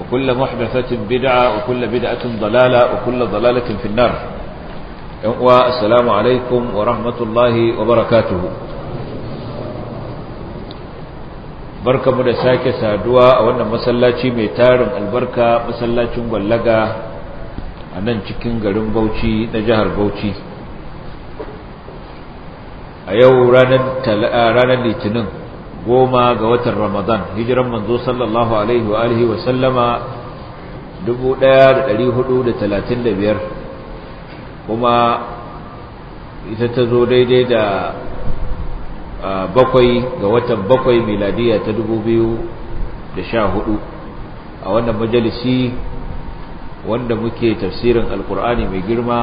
وكل محدثة بدعة وكل بدعة ضلالة وكل ضلالة في النار والسلام عليكم ورحمة الله وبركاته barka mu da sake saduwa a wannan masallaci mai tarin albarka masallacin gwallaga a nan cikin garin bauchi na jihar bauchi a yau ranar litinin goma ga watan ramadan hijiran manzo sallallahu alaihi wa alihi wa sallama 1435 kuma ita ta zo daidai da bakwai ga watan bakwai miladiya ta 2014 a wannan majalisi wanda muke tafsirin alkur'ani mai girma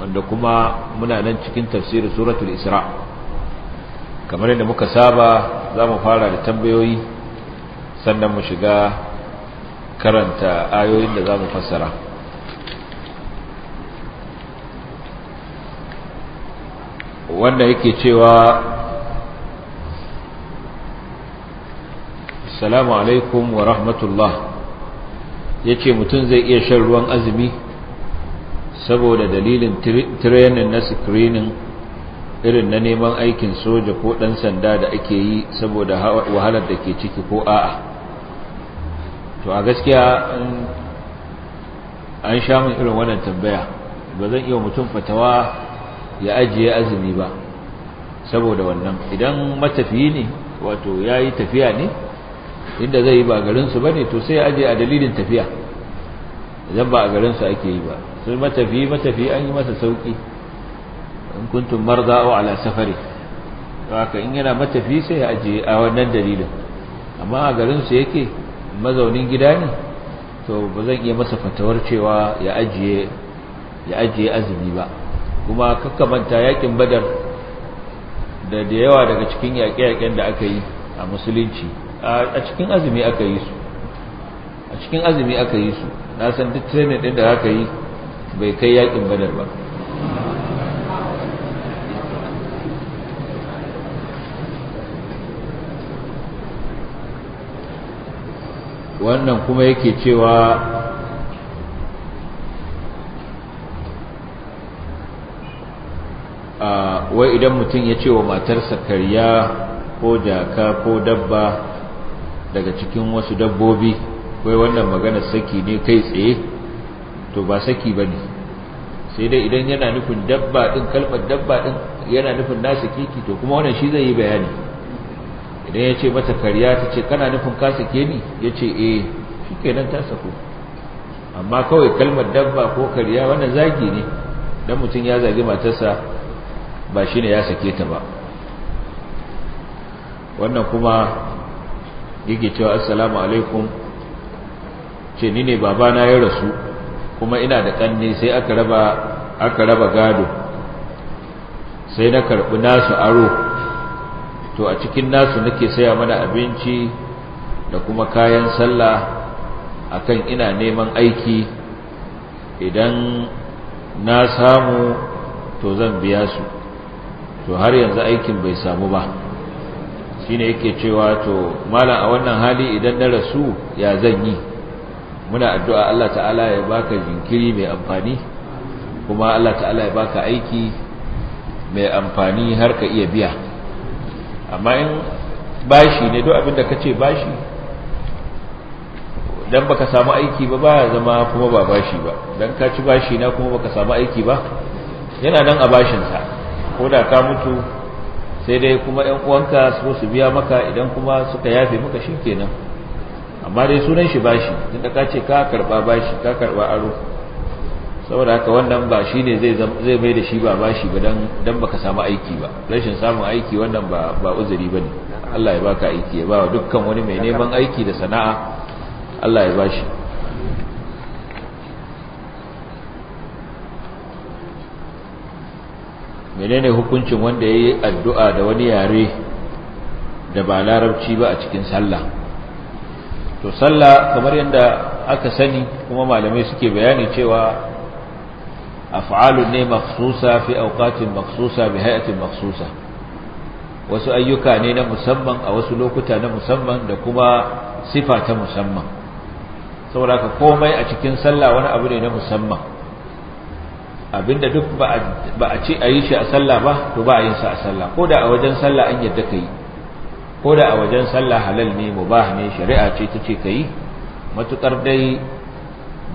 wanda kuma muna nan cikin tafsirin suratul isra' kamar yadda muka saba za mu fara da tambayoyi sannan mu shiga karanta ayoyin da za mu fassara wanda yake cewa salamu alaikum wa rahmatullah ya ce mutum zai iya shan ruwan azumi saboda dalilin tirenin na sikirinin irin na neman aikin soja ko ɗan sanda da ake yi saboda wahalar da ke ciki ko a'a to a gaskiya an sha min irin wannan tambaya ba zan iya mutum fatawa ya ajiye azumi ba saboda wannan idan matafiyi ne wato ya yi tafiya ne inda zai yi ba garinsu ba ne to sai ya ajiye a dalilin tafiya idan ba a garinsu ake yi ba sai matafiyi matafiyi an yi masa sauƙi in kuntum marda wa ala safari haka in yana matafi sai ya aje a wannan dalilin amma a garin su yake mazaunin gida ne to ba zan iya masa fatawar cewa ya ajiye ya ajiye azumi ba kuma kakkamanta yakin badar da da yawa daga cikin yaƙe-yaƙen da aka yi a musulunci a cikin azumi aka yi su a cikin azumi aka yi su na san duk training din da aka yi bai kai yakin badar ba wannan kuma yake cewa ah, wai idan mutum ya ce wa matarsa karya ko jaka ko dabba daga cikin wasu dabbobi wai wannan magana saki ne kai tsaye to ba saki ba ne sai dai idan yana nufin dabba ɗin kalmar dabba ɗin yana nufin nasa kiki to kuma wannan shi zai yi bayani idan ya ce mata karya ta ce kana nufin kasa ke ni ya ce eh shi kenan ta sako amma kawai kalmar dabba ko karya wanda zagi ne dan mutum ya zagi matarsa ba shine ya sake ta ba wannan kuma yake cewa assalamu alaikum ce ni ne babana ya rasu kuma ina da ƙanne sai aka raba gado sai na karɓi nasu aro to a cikin nasu nake saya mana abinci da kuma kayan sallah akan ina neman aiki idan na samu to zan biya su to har yanzu aikin bai samu ba shine yake cewa to malam a wannan hali idan na rasu ya zan yi muna addu'a Allah ta'ala ya baka jinkiri mai amfani kuma Allah ta'ala ya baka aiki mai amfani har ka iya biya amma in bashi ne duk abinda ka ce bashi ba baka samu aiki ba ba zama kuma ba bashi ba don ka ci bashi na kuma baka samu aiki ba yana nan a bashin sa ko da ka mutu sai dai kuma yan uwanka su su biya maka idan kuma suka yafe maka shi kenan amma dai sunan shi bashi inda ka ce ka karba bashi ka karba aro saboda haka wannan ba shi ne zai mai da shi ba bashi ba don baka samu aiki ba rashin samun aiki wannan ba uzuri ba ne Allah ya baka aiki ya bawa dukkan wani mai neman aiki da sana'a Allah ya bashi menene hukuncin wanda ya yi addu'a da wani yare da ba larabci ba a cikin sallah to sallah kamar yadda aka sani kuma malamai suke bayani cewa af'alun ne maksusa fi auqatin maksusa bi hayatin maksusa wasu ayyuka ne na musamman a wasu lokuta na musamman da kuma sifa ta musamman saboda ka komai a cikin sallah wani abu ne na musamman abinda duk ba a ce a yi shi a sallah ba to ba a yin sa a sallah ko da a wajen sallah an yadda ka yi ko da a wajen sallah halal ne mubah ne shari'a ce ta ce ka yi matuƙar dai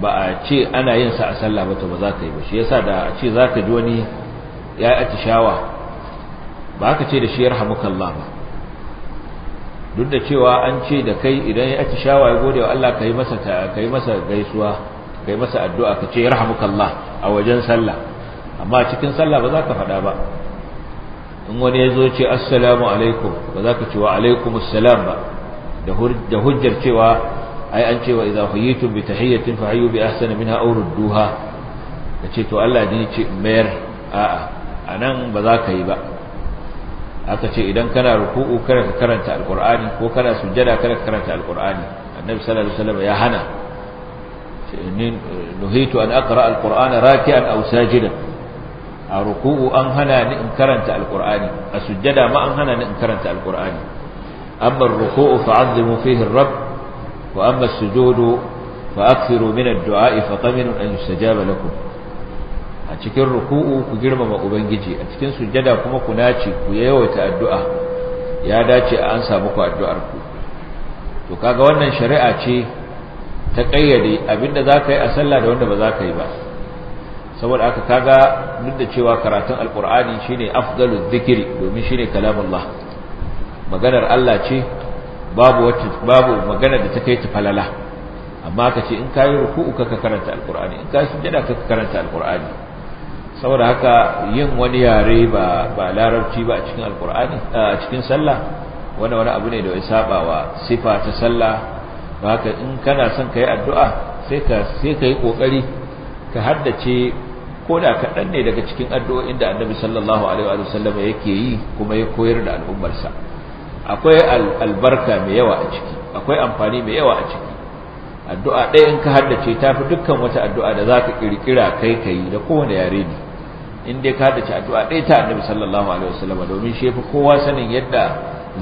ba a ce ana yin sa a sallah ba to ba za ka yi ba shi yasa da a ce za ka ji wani ya yi atishawa ba ka ce da shi yarhamukallah ba duk da cewa an ce da kai idan ya atishawa ya gode wa Allah ka yi masa gaisuwa ka yi masa addu'a ka ce yarhamukallah a wajen sallah amma cikin sallah ba za ka faɗa ba in wani ya zo ce assalamu alaikum ba za ka ce wa 'Alaikum salam ba da hujjar cewa ai an cewa idza huyitum bi tahiyyatin fa hayyu bi ahsani minha aw rudduha kace to Allah ne ce mayar a'a anan ba za ka yi ba aka ce idan kana ruku'u kada ka karanta alqur'ani ko kana sujjada kada ka karanta alqur'ani annabi sallallahu alaihi wasallam ya hana nuhitu an aqra alqur'ana raki'an aw sajidan a ruku'u an hana ni in karanta alqur'ani a sujjada ma an hana ni in karanta alqur'ani amma ruku'u fa'azzimu fihi ar-rabb وأما السجود فأكثروا من الدعاء فطمن أن يستجاب لكم a cikin ruku'u ku girmama ubangiji a cikin sujjada kuma ku nace ku yawaita addu'a ya dace a an samu ku addu'ar ku to kaga wannan shari'a ce ta kayyade abinda zaka yi a sallah da wanda ba zaka yi ba saboda aka kaga duk cewa karatun alqur'ani shine afdalul zikri domin shine kalamullah maganar Allah ce babu wacce babu magana da ta kai ta falala amma ka ce in kayi ruku'u ka ka karanta alqur'ani in kayi sujada ka ka karanta alqur'ani saboda haka yin wani yare ba ba larabci ba a cikin alqur'ani a cikin sallah wani wani abu ne da ya saba wa sifa ta sallah don haka in kana son ka yi addu'a sai ka sai ka yi ƙoƙari ka haddace ko da kaɗan ne daga cikin addu'o'in da annabi sallallahu alaihi wa sallam yake yi kuma ya koyar da al'ummarsa akwai albarka mai yawa a ciki akwai amfani mai yawa a ciki addu'a ɗaya in ka haddace ta fi dukkan wata addu'a da za ka ƙirƙira kai ka da kowane yare ne in dai ka haddace addu'a ɗaya ta annabi sallallahu alaihi wasallam domin shi fi kowa sanin yadda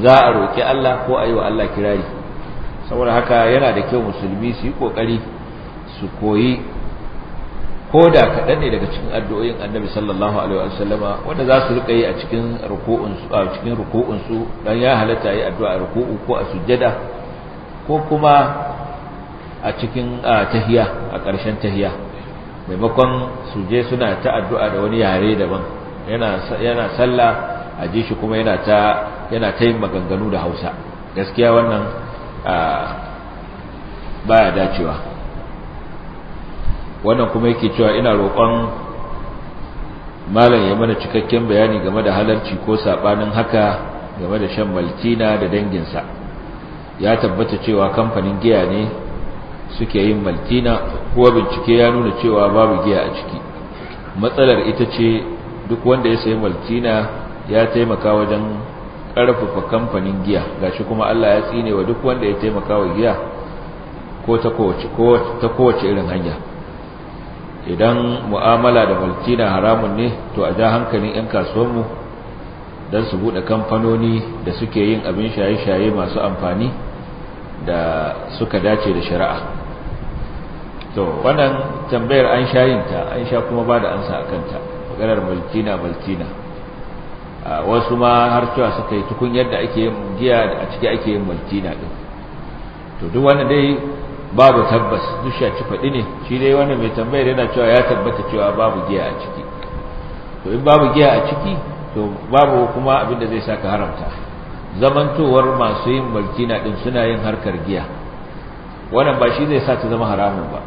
za a roƙi Allah ko a yi wa Allah kirari saboda haka yana da kyau musulmi su yi ƙoƙari su koyi Koda da kaɗan ne daga cikin addu'o'in annabi sallallahu alaihi wa sallama wanda za su riƙa yi a cikin ruku'unsu a cikin ya halatta yi addu'a a ruku'u ko a sujjada ko kuma a cikin tahiya a ƙarshen tahiya maimakon su suna ta addu'a da wani yare daban yana yana sallah a ji shi kuma yana ta yana ta yin maganganu da Hausa gaskiya wannan baya dacewa wannan kuma yake cewa ina roƙon malam ya mana cikakken bayani game da halarci ko sabanin haka game da shan maltina da danginsa ya tabbata cewa kamfanin giya ne suke yin maltina kuwa bincike ya nuna cewa babu giya a ciki matsalar ita ce duk wanda ya sayi maltina ya taimaka wajen ƙarfafa kamfanin giya gashi kuma Allah ya tsine wa duk wanda ya taimaka wa giya ko ta kowace irin hanya idan mu'amala da maltina haramun ne to a ja hankalin 'yan kasuwanmu don su buɗe kamfanoni da suke yin abin shaye-shaye masu amfani da suka dace da shari'a to wannan tambayar an sha yinta an sha kuma ba da ansa a kanta maganar maltina maltina wasu ma har cewa suka yi tukun yadda ake yin giya a ciki ake yin maltina ɗin to duk wannan dai babu tabbas duk shaci faɗi ne shi dai wannan mai tambayar yana cewa ya tabbata cewa babu giya a ciki to in babu giya a ciki to babu kuma abin da zai ka haramta zamantowar masu yin maltina din suna yin harkar giya wannan ba shi zai sa ta zama haramun ba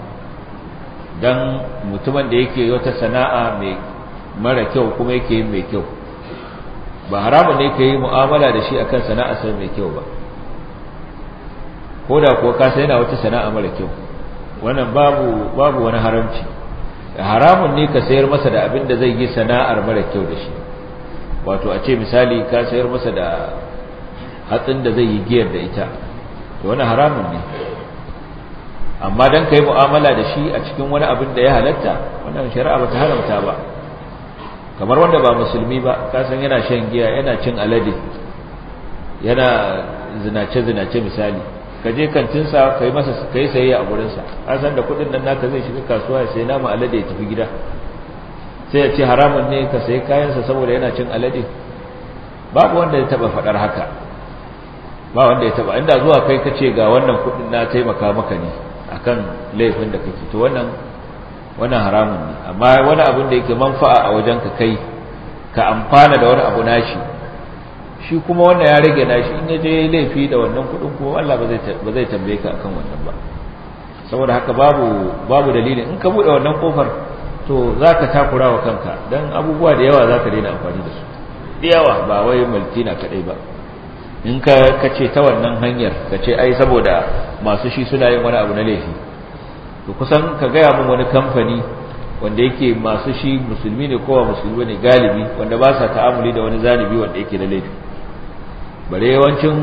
dan mutumin da yake wata sana'a mai mara kyau kuma yake yin mai kyau ba haramun ne ka yi mu'amala da shi akan sana'a sai mai kyau ba ko da kuwa kasa yana wata sana'a mara kyau wannan babu babu wani haramci haramun ne ka sayar masa da abin da zai yi sana'ar mara kyau da shi wato a ce misali ka sayar masa da hatsin da zai yi giyar da ita to wani haramun ne amma dan ka yi mu'amala da shi a cikin wani abin da ya halatta wannan shari'a ba ta haramta ba kamar wanda ba musulmi ba kasan yana shan giya yana cin alade yana zinace-zinace misali ka je kantinsa ka yi masa ka yi sayayya a gurinsa an san da kuɗin nan naka zai shiga kasuwa ya sayi nama alade ya tafi gida sai ya ce haramun ne ka sayi kayansa saboda yana cin alade babu wanda ya taɓa faɗar haka ba wanda ya taɓa inda zuwa kai ka ce ga wannan kuɗin na taimaka maka ne a kan laifin da kake to wannan wannan haramun ne amma wani abin da yake manfa'a a wajen ka kai ka amfana da wani abu nashi shi kuma wannan ya rage nashi in ya je laifi da wannan kuɗin kuma Allah ba zai tambaye ka akan wannan ba saboda haka babu babu dalili in ka bude wannan kofar to zaka takura wa kanka dan abubuwa da yawa zaka daina amfani da su yawa ba wai mulkina kadai ba in ka kace ta wannan hanyar kace ai saboda masu shi suna yin wani abu na laifi to kusan ka gaya min wani kamfani wanda yake masu shi musulmi ne kowa musulmi ne galibi wanda ba sa ta'amuli da wani zalibi wanda yake da laifi bare yawancin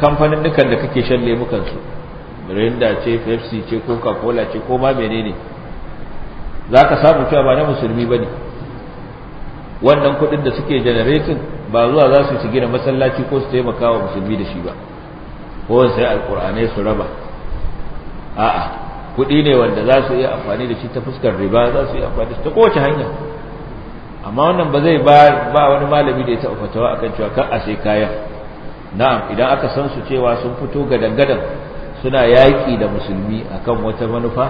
kamfanin dukan da kake shan lemukansu mirinda ce pepsi ce coca cola ce ko ma menene za ka samu cewa ba na musulmi ba ne wannan kudin da suke generating ba zuwa za su su gina masallaci ko su taimaka wa musulmi da shi ba ko sai alkur'anai su raba a'a kudi ne wanda za su yi amfani da shi ta fuskar riba za su yi amfani da shi ta kowace hanya amma wannan ba zai ba wani malami da ya taɓa fatawa a kan cewa kan a sai kayan na'am idan aka san su cewa sun fito gadan-gadan suna yaƙi da musulmi a kan wata manufa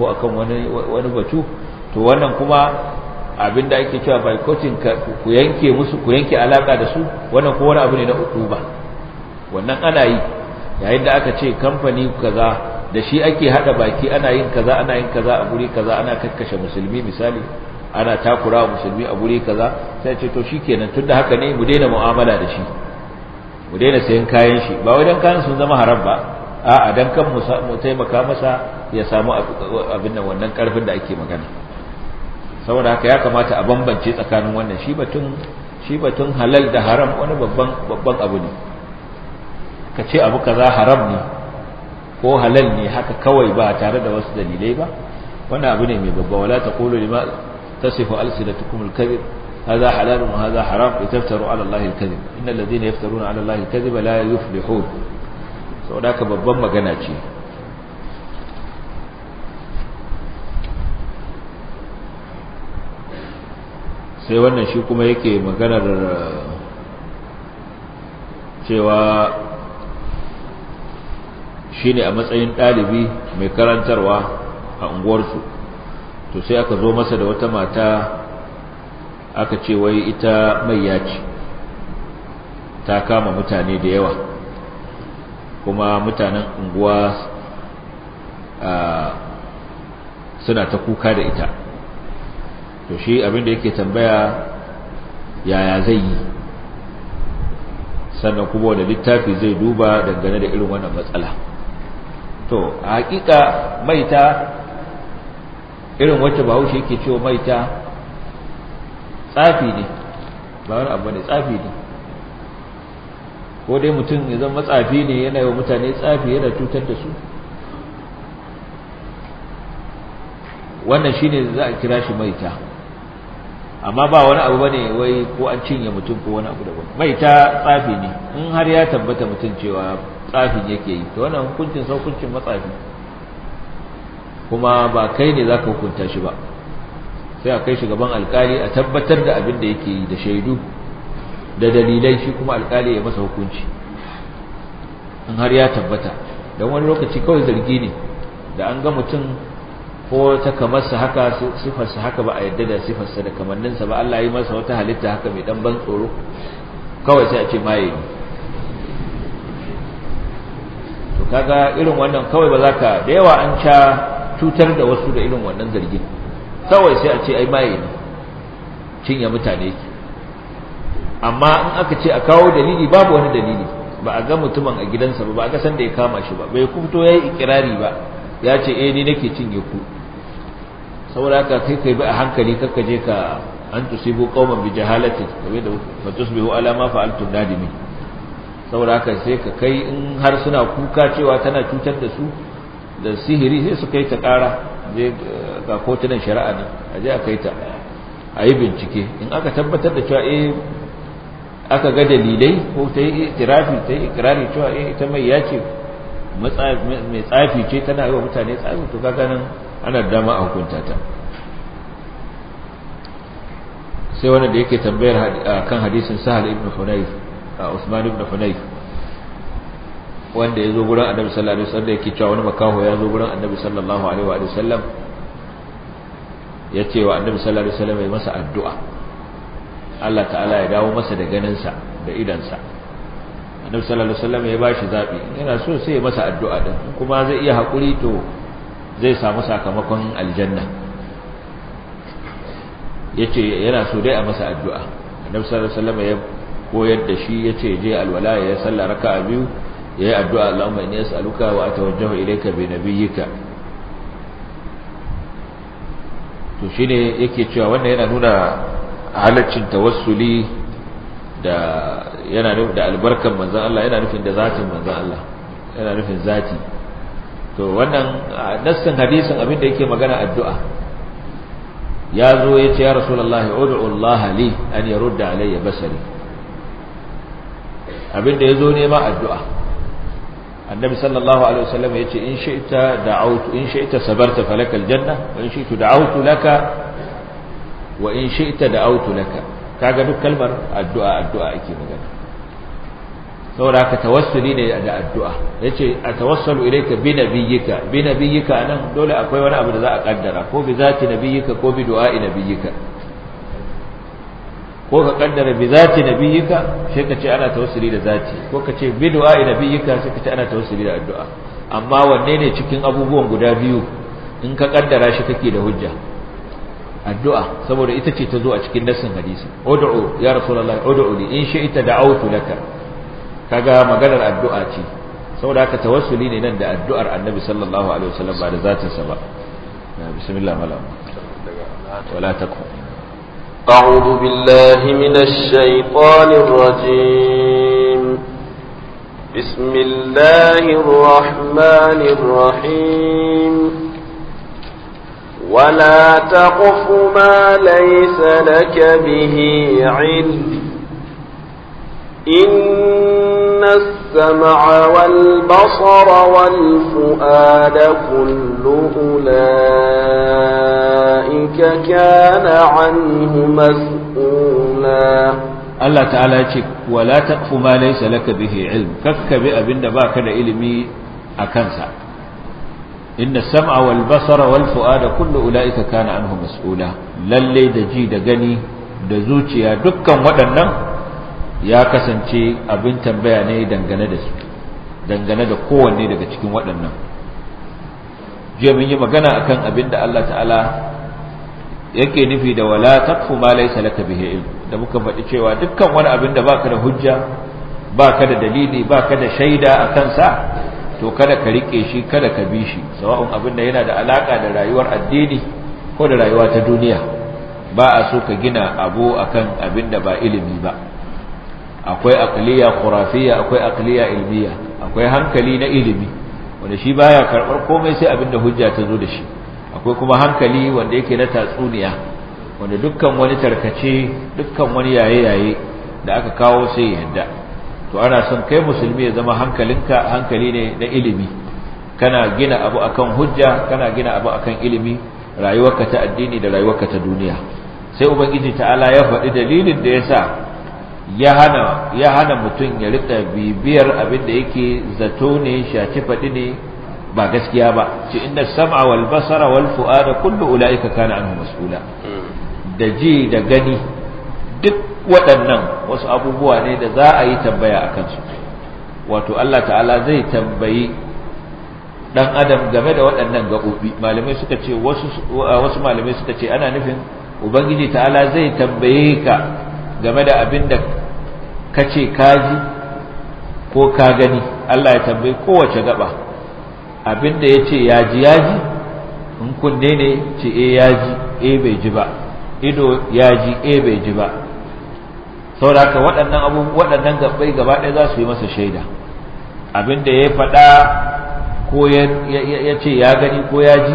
ko a kan wani batu to wannan kuma abin da ake cewa boycotting ku yanke musu ku yanke alaka da su wannan ko wani abu ne na ba wannan ana yi yayin da aka ce kamfani kaza da shi ake hada baki ana yin kaza ana yin kaza a guri kaza ana kakkashe musulmi misali ana takura musulmi a guri kaza sai ce to shikenan tunda haka ne mu daina mu'amala da shi mu daina sayan kayan shi ba wajen kayan sun zama haram ba a'a dan kan mu taimaka masa ya samu abin nan wannan karfin da ake magana saboda haka ya kamata a bambance tsakanin wannan shi batun shi batun halal da haram wani babban babban abu ne ka ce abu kaza haram ne ko halal ne haka kawai ba tare da wasu dalilai ba wannan abu ne mai babba wala taqulu lima tasifu alsinatukum alkadhib هذا حلال وهذا حرام لتفتروا على الله الكذب إن الذين يفترون على الله الكذب لا يفلحون سوداك babban magana ce sai wannan shi kuma yake maganar cewa shine a matsayin ɗalibi mai karantarwa a unguwarsu to sai aka zo masa da wata mata aka ce wai ita mai yaci ta kama mutane da yawa kuma mutanen unguwa suna ta kuka da ita to shi abinda yake tambaya yaya zai yi sannan kuma wanda littafi zai duba dangane da irin wannan matsala to a hakika ta. irin wacce haushi yake cewa maita tsafi ne ba wani abu ne tsafi ne ko dai mutum ya zama tsafi ne yana yi wa mutane tsafi yana cutar da su wannan shi ne za a kira shi maita amma ba wani abu bane wai ko an cinye mutum ko wani abu daban maita tsafi ne in har ya tabbata mutum cewa tsafi yake yi to wannan hukuncin saukuncin matsafi matsafi kuma ba kai ne zaka hukunta shi ba sai a kai shi gaban alkali a tabbatar da abin da yake da shaidu da dalilai shi kuma alkali ya masa hukunci in har ya tabbata don wani lokaci kawai zargi ne da an ga mutum ko ta kamar sa haka sifarsa haka ba a yadda da sifarsa da kamanninsa ba Allah yi masa wata halitta haka mai dan ban tsoro kawai sai a ce maye ne to kaga irin wannan kawai ba za ka da yawa an ca cutar da wasu da irin wannan zargin kawai sai a ce ai maye ne cinye mutane ke amma in aka ce a kawo dalili babu wani dalili ba a ga mutumin a gidansa ba ba a ga da ya kama shi ba bai fito ya yi ikirari ba ya ce eh ni nake cinye ku saboda haka kai kai bi a hankali ka je ka an tusibu qauman bi jahalati kamar da fa tusbihu ala ma fa'altu nadimi saboda haka sai ka kai in har suna kuka cewa tana cutar da su da sihiri sai su kai ta ƙara eh, ga kotunan shari'a ne a je a kai ta a yi bincike in aka tabbatar da cewa eh aka ga dalilai ko ta yi itirafi ta yi ikirari cewa eh ita mai ya mai tsafi ce tana yi wa mutane tsafi to ga ganin ana dama a hukunta ta sai wanda yake tambayar kan hadisin sahal ibn hunayf Usman ibn Hunayf wanda ya zo gurin annabi sallallahu alaihi wasallam yake cewa wani makaho ya zo gurin annabi sallallahu alaihi wa sallam ya ce wa annabi sallallahu alaihi wasallam ya masa addu'a Allah ta'ala ya dawo masa da ganinsa da idansa annabi sallallahu alaihi wasallam ya bashi zabi yana so sai ya masa addu'a din kuma zai iya hakuri to zai samu sakamakon aljanna yace yana so dai a masa addu'a annabi sallallahu alaihi wasallam ya koyar da shi yace je alwala ya salla raka'a biyu yayi addu'a Allahumma inni as'aluka wa atawajjahu ilayka bi nabiyyika to shine yake cewa wannan yana nuna halaccin tawassuli da yana nufin da albarkan manzon Allah yana nufin da zatin manzon Allah yana nufin zati to wannan nassan hadisin abinda yake magana addu'a ya zo ya ce ya rasulullahi ud'u Allah li an yarudda alayya basari abinda ya zo nema addu'a annabi sallallahu alaihi wasallam yace in shi'ta da'awtu in shi'ta sabarta falakal janna wa in shi'tu da'awtu laka wa in shi'ta da'awtu laka kaga duk kalmar addu'a addu'a ake magana saboda haka tawassuli ne da addu'a yace atawassalu ilayka bi nabiyyika bi nabiyyika nan dole akwai wani abu da za a kaddara ko bi zati nabiyyika ko bi du'a'i nabiyyika ko ka kaddara bi zati nabiyyika sai ka ce ana tawassuli da zati ko ka ce bi du'a nabiyyika sai ka ce ana tawassuli da addu'a amma wanne ne cikin abubuwan guda biyu in ka kaddara shi kake da hujja addu'a saboda ita ce ta zo a cikin nassin hadisi ud'u ya rasulullahi ud'u li in shi'ta da'awtu laka kaga maganar addu'a ce saboda haka tawassuli ne nan da addu'ar annabi sallallahu alaihi wasallam ba da zatin sa ba bismillah malam wala takun أعوذ بالله من الشيطان الرجيم بسم الله الرحمن الرحيم ولا تقف ما ليس لك به علم إن السمع والبصر والفؤاد كل أولئك كان عنه مسؤولا Allah ta'ala ce la taqfu ma laysa laka bihi ilm kakkabi abinda baka da ilimi a kansa inna sam'a wal basara wal fu'ada kullu ulaika kana anhu mas'ula lalle da ji da gani da zuciya dukkan waɗannan ya kasance abin tambaya ne dangane da su dangane da kowanne daga cikin waɗannan jiya mun yi magana akan abin da Allah ta'ala yake nufi da wala taqfu ma laysa laka bihi ilm da muka faɗi cewa dukkan wani abin da baka da hujja baka da dalili baka da shaida a kansa to kada ka rike shi kada ka bi shi sawa'un abin da yana da alaka da rayuwar addini ko da rayuwa ta duniya ba a so ka gina abu akan abin da ba ilimi ba akwai aqliya khurafiya akwai aqliya ilmiya akwai hankali na ilimi wanda shi baya karbar komai sai abin da hujja ta zo da shi akwai kuma hankali wanda yake na tatsuniya wanda dukkan wani tarkace dukkan wani yaye-yaye da aka kawo sai yadda to ana son kai musulmi ya zama hankalinka hankali ne na ilimi kana gina abu akan hujja kana gina abu akan ilimi rayuwarka ta addini da rayuwarka ta duniya sai ubangiji ta'ala ya faɗi dalilin da yasa ya hana ya hana mutum ya rika bibiyar abin da yake zato ne shaci faɗi ne ba gaskiya ba ce inna sam'a wal basara wal fu'ada kullu ulaika kana an mas'ula da ji da gani duk waɗannan wasu abubuwa ne da za a yi tambaya a kansu wato Allah ta'ala zai tambayi dan adam game da waɗannan gaɓoɓi malamai suka ce wasu wasu malamai suka ce ana nufin ubangiji ta'ala zai tambaye ka game da abin da ka ce ka ji ko ka gani Allah ya tambayi kowace gaba abinda ya ce ya ji ya ji in kunne ne ce e eh ya ji e eh bai ji ba ido ya ji e eh bai ji ba sauraka waɗannan abubuwan waɗannan gabbai gaba ɗaya za su yi masa shaida abinda ya faɗa ko ya ce ya gani ko ya ji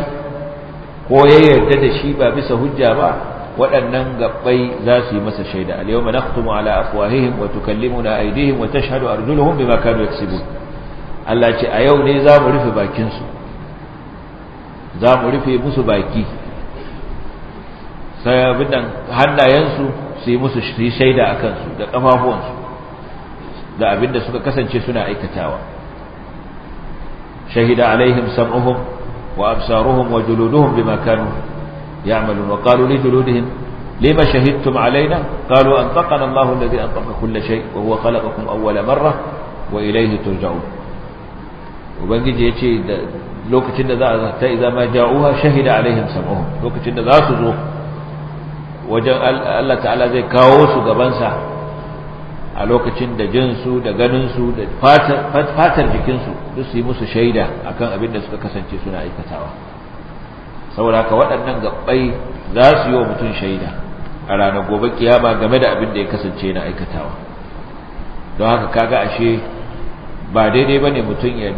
ko ya yarda da shi ba bisa hujja ba waɗannan gabbai za su yi masa shaida al-yawma nakhtumu ala afwahihim wa tukallimuna aydihim wa tashhadu arjuluhum bima kanu yaksibun Allah ce a yau ne za mu rufe bakin su za mu rufe musu baki sai abin nan hannayensu su yi musu shaida a kansu da ƙafafuwansu da abin da suka kasance suna aikatawa shahida alaihim sam'uhum wa absaruhum wa juluduhum bima kanu يعملون وقالوا لجلودهم لما شهدتم علينا قالوا أنطقنا الله الذي أنطق كل شيء وهو خلقكم أول مرة وإليه ترجعون وبنجي يجي lokacin da za'a a zata iza ma ja'uha shahida alaihim sam'uhum lokacin da za su zo wajen Allah ta'ala zai kawo su gabansa a lokacin da jinsu da ganinsu da fatar jikinsu duk su yi musu shaida akan abin da suka kasance suna aikatawa saboda haka waɗannan gabbai za su yi wa mutum shaida a ranar gobe kiyama game da abin da ya kasance na aikatawa don haka kaga ashe ba daidai ba ne mutum ya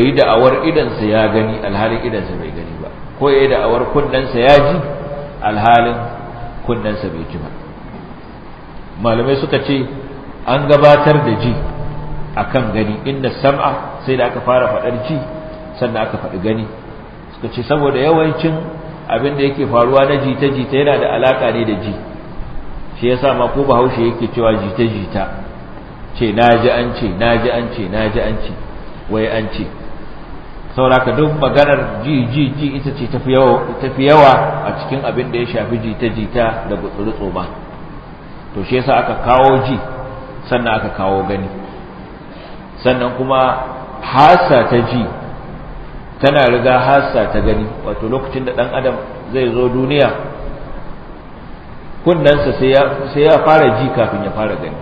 yi da'awar idansa ya gani alhalin idansa bai gani ba ko ya yi da'awar kunnensa ya ji alhalin kunnensa bai ji ba malamai suka ce an gabatar da ji a kan gani inda sam'a sai da aka fara faɗar ji sannan aka faɗi gani suka ce saboda yawancin abin da yake faruwa na jita-jita yana da alaka ne da ji shi sa ma ko bahaushe yake cewa jita-jita ce ji an ce ji an ce ji an ce wai an ce sauraka duk maganar ji ji ji ita ce tafi yawa a cikin abin da ya shafi jita-jita da gutsuru ba to shi ya sa aka kawo ji sannan aka kawo gani sannan kuma hasa ta ji tana riga hasa ta gani wato lokacin da dan adam zai zo duniya kunnansa sai ya fara ji kafin ya fara gani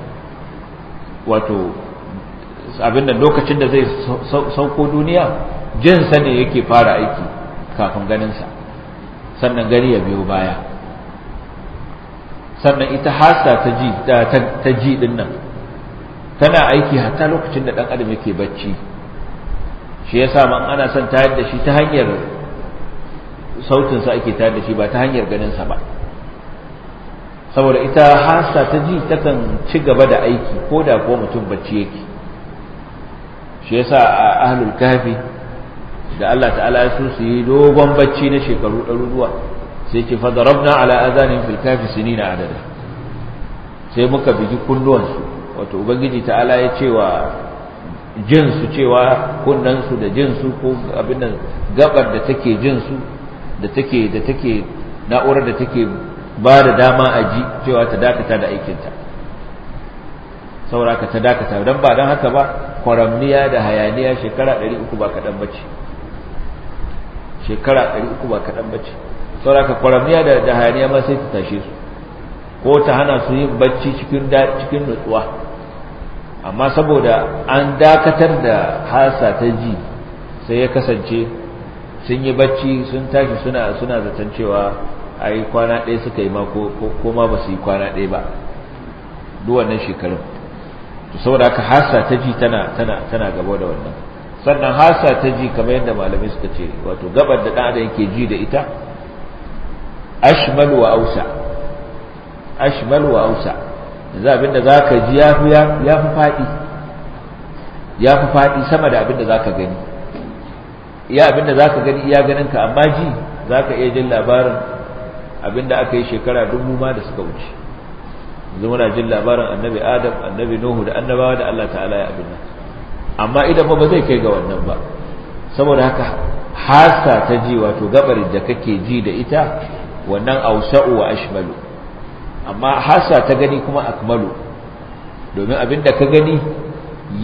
wato abin da lokacin da zai sauko duniya sa ne yake fara aiki kafin ganinsa sannan gani ya biyo baya sannan ita hasa ta ji ta ji din nan tana aiki hatta lokacin da dan adam yake bacci shi yasa man ana son tayar da shi ta hanyar sautinsa ake tayar da shi ba ta hanyar ganinsa ba saboda ita hasa ta ji takan ci gaba da aiki ko da kuwa mutum bacci yake shi yasa a ahlul kafi da Allah ta'ala ya so su yi dogon bacci na shekaru ɗaruruwa sai ce fa darabna ala azanin fil kafi sinina adada sai muka bigi kunnuwansu wato ubangiji ta'ala ya ce wa jinsu cewa kunnansu da jinsu ko abin da gabar da take jinsu da take da take na'urar da take ba da dama a ji cewa ta dakata da aikinta sauraka ta dakata don ba don haka ba kwaramniya da hayaniya shekara 300 ba kaɗan bace shekara 300 ba kaɗan bace sauraka kwaramniya da hayaniya ma sai ta tashe su ko ta hana su yin bacci cikin nutsuwa amma saboda an dakatar da hasa ta ji sai ya kasance sun yi bacci sun tashi suna suna zaton cewa yi kwana ɗaya suka yi ma ko ma ba su yi kwana ɗaya ba duwannan shekarun to saboda haka hasa ta ji tana tana gaba da wannan sannan hasa ta ji kamar yadda malamai suka ce wato gabar da ɗan adam yake ji da ita ashmal wa ausa ashmal wa ausa yanzu da za ka ji ya fi faɗi ya fi faɗi sama da da za ka gani iya da za ka gani iya ganinka amma ji za ka iya jin labarin abin da aka yi shekara dubu ma da suka wuce yanzu muna jin labarin annabi adam annabi nuhu da annabawa da allah ta'ala ya abin nan amma idan ba zai kai ga wannan ba saboda haka hasa ta ji wato gabarin da kake ji da ita wannan ausa'u wa ashmalu amma hasa ta gani kuma akmalu domin abinda ka gani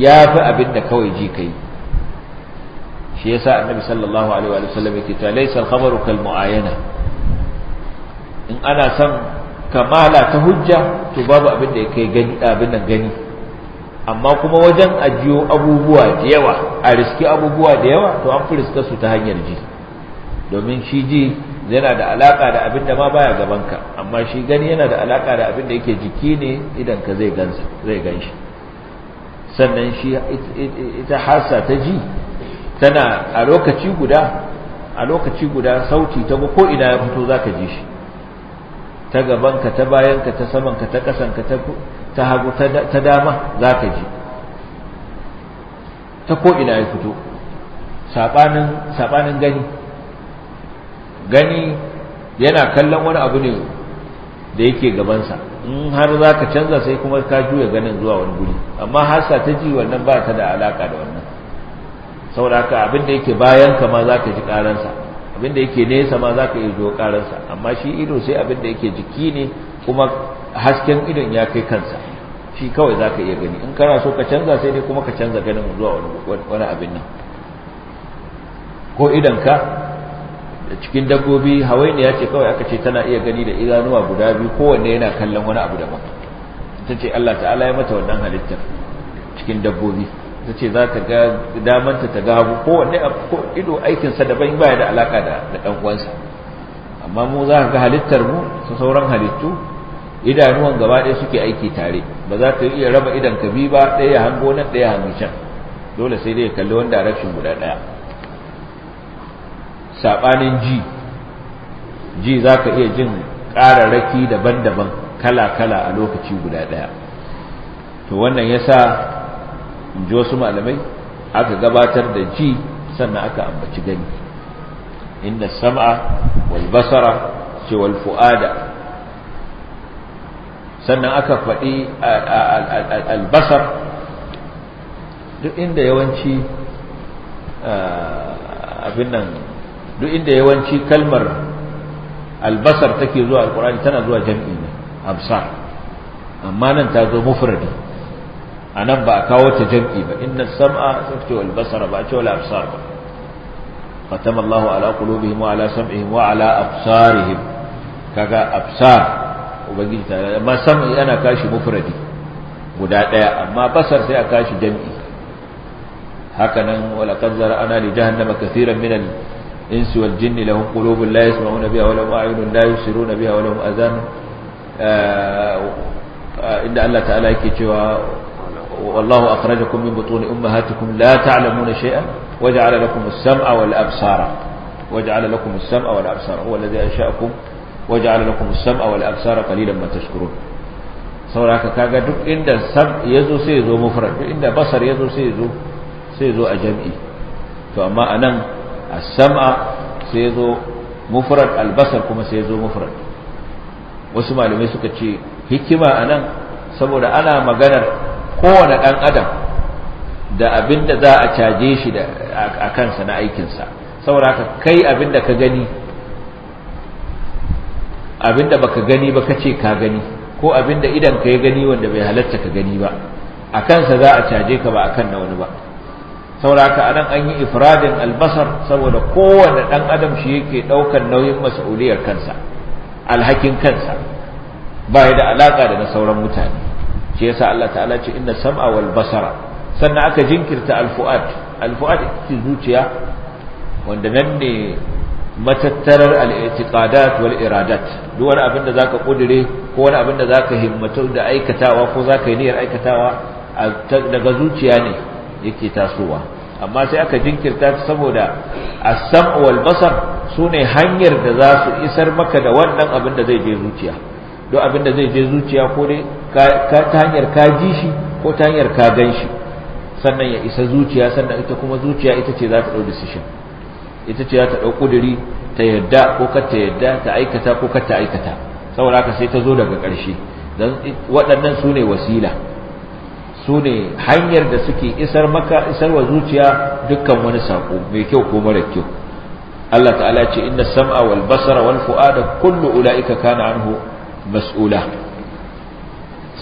ya fi abinda kawai ji yi shi yasa annabi sallallahu alaihi wa sallam yake ta laysa al kal mu'ayyana in ana son kamala ta hujja to babu abin da kai gani abin nan gani amma kuma wajen ajiyo abubuwa da yawa a riski abubuwa da yawa to an fi riska su ta hanyar ji domin shi ji yana da alaka da abin da ma baya gabanka amma shi gani yana da alaka da abin da yake jiki ne idan ka zai gansa zai ganshi sannan shi ita hasa ta ji tana a lokaci guda a lokaci guda sauti ta ko ina ya fito zaka ji shi ta gabanka ta bayanka ta samanka ta kasanka ta ta hagu ta dama zaka ji ta ko ina ya fito sabanin sabanin gani gani yana kallon wani abu ne da yake gabansa in har za ka canza sai kuma ka juya ganin zuwa wani guri amma hasa ta ji wannan ba ta da alaka da wannan saboda haka abin da yake bayan ka ma za ka ji karansa abin da yake nesa ma za ka iya zo karansa amma shi ido sai abin da yake jiki ne kuma hasken idon ya kai kansa shi kawai za ka iya gani in kana so ka canza sai dai kuma ka canza ganin zuwa wani abin nan ko idan ka da cikin dabbobi hawai ne ya ce kawai aka ce tana iya gani da idanuwa guda biyu kowanne yana kallon wani abu daban ta ce Allah ta'ala ya mata wannan halittar cikin dabbobi ta ce za ta ga damanta ta ga abu kowanne ido aikinsa daban baya da alaka da ɗan uwansa amma mu za ka ga halittar mu su sauran halittu idanuwan gaba ɗaya suke aiki tare ba za ka iya raba idan ka bi ba ɗaya hango nan ɗaya hango can dole sai dai ya kalli wanda rashin guda ɗaya saɓanin ji ji za ka iya jin ƙararraki daban-daban kala-kala a lokaci guda ɗaya to wannan ya sa in ji wasu malamai aka gabatar da ji sannan aka ambaci gani inda sam'a wal basara ce wal fu'ada sannan aka faɗi albasar duk inda yawanci abin nan duk inda yawanci kalmar albasar take zuwa alqur'ani tana zuwa jam'i ne absar amma nan ta zo mufradi anan ba a kawo ta jam'i ba inna sam'a sai wal basara ba ce wal absar ba fatama Allahu ala qulubihim wa ala sam'ihim wa ala absarihim kaga absar ubangiji ta amma sam'i ana kashi mufradi guda daya amma basar sai a kashi jam'i hakanan wala qad zara'ana li jahannama kaseeran min insu wal jinni lahum qulubun la yasma'una biha wa lahum a'yunun la yusiruna biha wa lahum adhan eh, inda Allah ta'ala yake cewa wallahu akhrajakum min butun ummahatikum la ta'lamuna shay'an waja'ala lakum as-sam'a wal absara waja'ala lakum as-sam'a wal absara huwa alladhi ansha'akum waja'ala lakum as-sam'a wal absara qalilan ma tashkurun sauraka kaga duk inda sab yazo sai yazo mufrad duk inda basar yazo sai yazo sai yazo a jam'i to amma anan as-sam'a sai zo mufrad kuma sai zo mufrad wasu malamai suka ce hikima anan saboda ana maganar kowane dan adam da abinda za a caje shi da a kansa na aikinsa saboda haka kai abinda ka gani abinda baka gani ba kace ka gani ko abinda idan ka ya gani wanda bai halarta ka gani ba a kansa za a caje ka ba akan na wani ba sauraka anan an yi ifradin albasar saboda kowane ɗan adam shi yake ɗaukar nauyin mas'uliyar kansa alhakin kansa ba da alaƙa da na sauran mutane shi yasa Allah ta'ala ce inna sam'a wal basara sannan aka jinkirta alfu'ad alfu'ad ita zuciya wanda nan ne matattarar al'itiqadat wal iradat duk wani abin da zaka kudure ko wani abin da zaka himmatu da aikatawa ko zaka yi niyyar aikatawa daga zuciya ne yake tasowa amma sai aka jinkirta ta saboda as-sam wal basar sune hanyar da za su isar maka da wannan abin da zai je zuciya don abin da zai je zuciya ko dai ta hanyar ka ji shi ko ta hanyar ka gan shi sannan ya isa zuciya sannan ita kuma zuciya ita ce za ta ɗau decision ita ce za ta ɗau ƙuduri ta yadda ko kar ta yadda ta aikata ko kar ta aikata saboda haka sai ta zo daga ƙarshe don waɗannan su ne wasila su ne hanyar da suke isar maka isar wa zuciya dukkan wani sako mai kyau ko mara kyau Allah ta'ala ce inna sam'a wal basara wal fu'ada kullu ulaika kana anhu mas'ula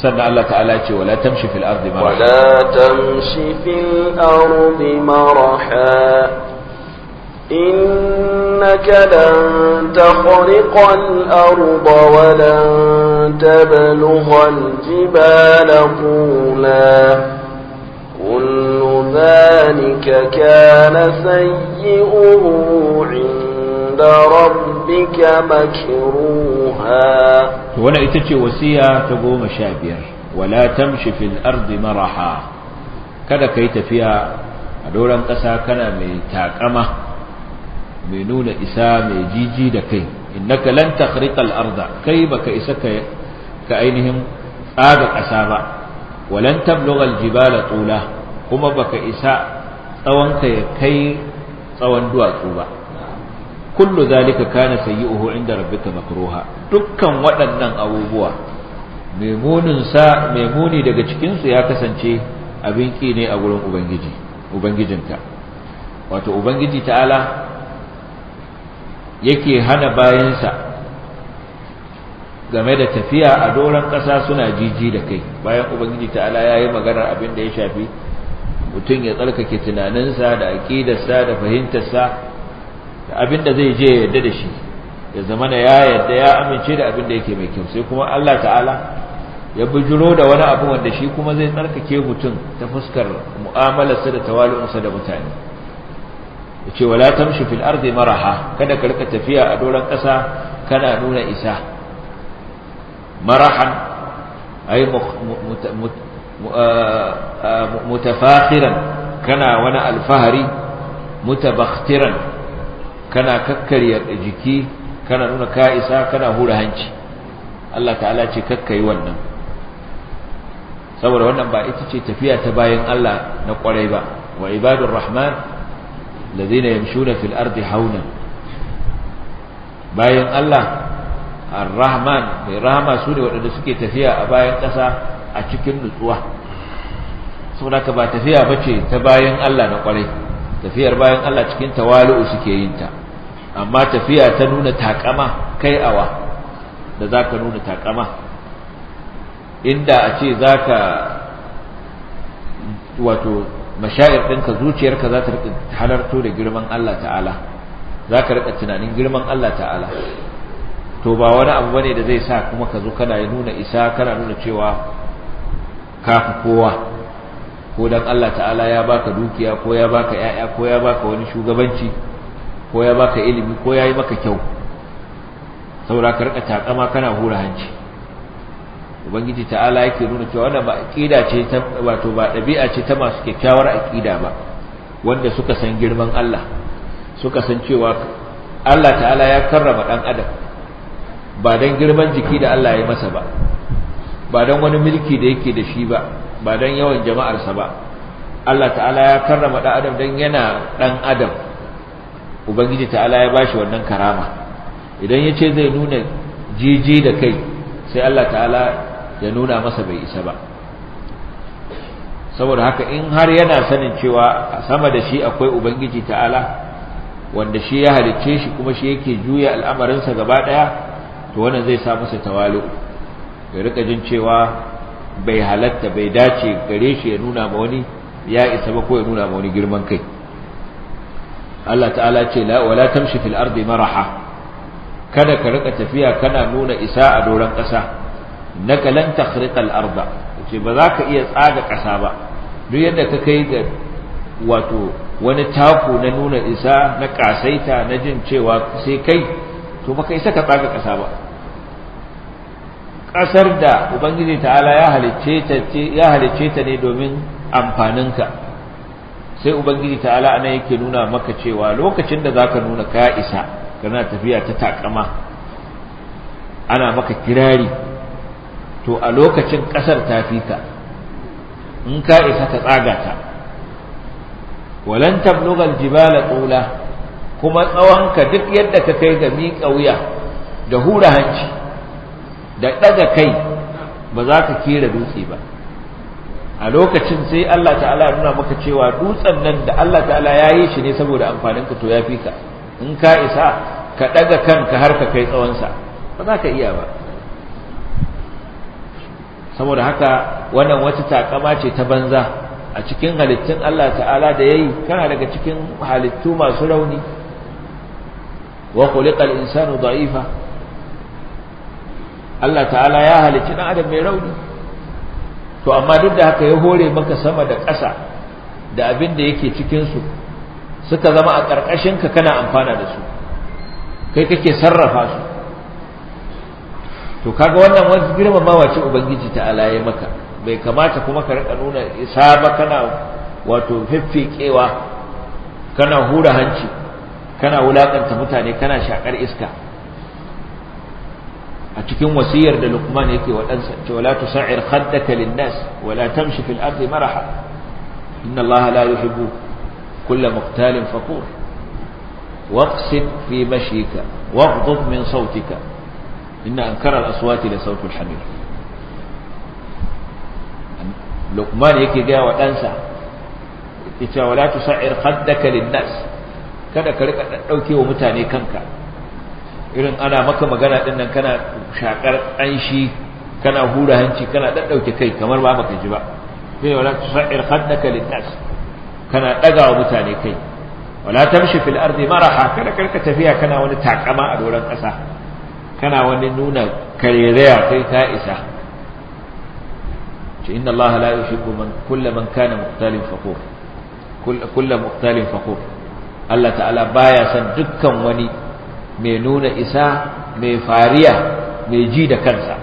sannan Allah ta'ala ce wala tamshi fil ardi maraha wala tamshi fil ardi maraha إنك لن تخرق الأرض ولن تبلغ الجبال طولا كل ذلك كان سيئه عند ربك مكروها وانا اتتي وسيئة تقوم شابير ولا تمشي في الأرض مرحا كذا كيت فيها دولا a كان من تاقمه mai nuna isa mai jiji da kai innaka lan takhriqal arda kai baka isa ka ka ainihin tsaga ƙasa ba walan tablugha jibala tula kuma baka isa tsawon ka ya kai tsawon duwatsu ba kullu zalika kana sayyi'uhu inda rabbika makruha dukkan waɗannan abubuwa memunin sa muni daga cikin su ya kasance abin ki ne a gurin ubangiji ubangijinka wato ubangiji ta'ala yake hana bayansa game da tafiya a doron ƙasa suna jiji da kai bayan ubangiji ta'ala ya yi maganar abin da ya shafi mutum ya tsarkake tunaninsa da aƙidarsa da fahimtarsa da abin da zai je yadda da shi ya zama na ya yadda ya amince da abin da yake mai kyau sai kuma Allah ta'ala ya bujuro da wani abu wanda shi kuma zai tsarkake mutum ta fuskar mu'amalarsa da tawali'unsa da mutane yace wala tamshi fil ardi maraha kada ka rika tafiya a doran ƙasa kana nuna isa marahan ay mutafakhiran kana wani alfahari mutabakhtiran kana kakkarya jiki kana nuna ka isa kana hura hanci Allah ta'ala ce kakkai wannan saboda wannan ba ita ce tafiya ta bayan Allah na kwarai ba wa ibadur rahman alladhina yamshuna fil ardi hauna bayan Allah ar mai rahama su ne waɗanda suke tafiya a bayan ƙasa a cikin nutsuwa saboda ka ba tafiya bace ta bayan Allah na kwarai tafiyar bayan Allah cikin tawalu'u suke yin ta amma tafiya ta nuna takama kai awa da zaka nuna takama inda a ce zaka wato mashayar ɗinka zuciyarka za ta rika halarto da girman Allah ta'ala za ka rika tunanin girman Allah ta'ala to ba wani abu bane da zai sa kuma ka zo kana nuna isa kana nuna cewa kafi kowa ko dan Allah ta'ala ya baka dukiya ko ya baka yaya ko ya baka wani shugabanci ko ya baka ilimi ko yi maka kyau saboda ka rika takama kana hura hanci ubangiji ta'ala yake nuna cewa wannan ba aqida ce ta wato ba dabi'a ce ta masu kyakkyawar aqida ba wanda suka san girman Allah suka san cewa Allah ta'ala ya karrama dan adam ba dan girman jiki da Allah ya masa ba ba dan wani mulki da yake da shi ba ba dan yawan jama'arsa ba Allah ta'ala ya karrama dan adam dan yana dan adam ubangiji ta'ala ya bashi wannan karama idan yace zai nuna jiji da kai sai Allah ta'ala ya nuna masa bai isa ba saboda haka in har yana sanin cewa sama da shi akwai ubangiji ta'ala wanda shi ya halicce shi kuma shi yake juya al'amarinsa gaba daya to wannan zai sa masa tawali'u ya rika jin cewa bai halatta bai dace gare shi ya nuna ma wani ya isa ba ko ya nuna ma wani girman kai Allah ta'ala ce la wala tamshi fil ardi maraha kada ka rika tafiya kana nuna isa a doron ƙasa naka lan takhriqal arda yace ba za ka iya tsaga ƙasa ba duk yadda ka kai ga wato wani taku na nuna isa na kasaita na jin cewa sai kai to baka isa ka tsaga ƙasa ba ƙasar da ubangiji ta'ala ya halicce ta ya halicce ta ne domin amfaninka sai ubangiji ta'ala anan yake nuna maka cewa lokacin da zaka nuna ka isa kana tafiya ta takama ana maka kirari to a lokacin ƙasar ta fi ka in ka isa ka tsaga ta walan tabluga aljibala qula kuma tsawonka duk yadda ka kai ga miƙa wuya da hura hanci da ɗaga kai ba za ka kera dutse ba a lokacin sai Allah ta'ala nuna maka cewa dutsen nan da Allah ta'ala ya yi shi ne saboda amfaninka to ya fi ka in ka isa ka ɗaga kanka har ka kai tsawonsa ba za ka iya ba saboda haka wannan wata takama ce ta banza a cikin halittun Allah ta'ala da yayi kana daga cikin halittu masu rauni wa khuliqal insanu da'ifa Allah ta'ala ya halicci dan adam mai rauni to amma duk da haka ya hore maka sama da ƙasa da abin da yake cikin su suka zama a ƙarƙashin ka kana amfana da su kai kake sarrafa su to kaga wannan wani girmamawa wace ubangiji ta alaye maka bai kamata kuma ka rika nuna isa ba kana wato fiffikewa kana hura hanci kana wulakanta mutane kana shakar iska a cikin wasiyar da Luqman yake wa ɗansa cewa wala tusa'ir khaddaka lin-nas wa tamshi fil ardi maraha inna Allah la yuhibbu kulla muqtalin fakhur waqsid fi mashika waghdud min sautika inna ankara al-aswati da sautul hamir Luqman yake gaya wa ɗansa yace wala tusair khaddaka lin-nas kada ka rika dauke wa mutane kanka irin ana maka magana din nan kana shakar anshi kana hura hanci kana daddauke kai kamar ba baka ji ba sai wala tusair khaddaka lin-nas kana daga wa mutane kai wala tamshi fil ardi maraha kada ka rika tafiya kana wani takama a doran kasa kana wani nuna karerewa kai ka isa ce inna Allah la yuhibbu man kullu man kana muqtalin fakhur kullu muqtalin fakhur Allah ta'ala baya san dukkan wani mai nuna isa mai fariya mai ji da kansa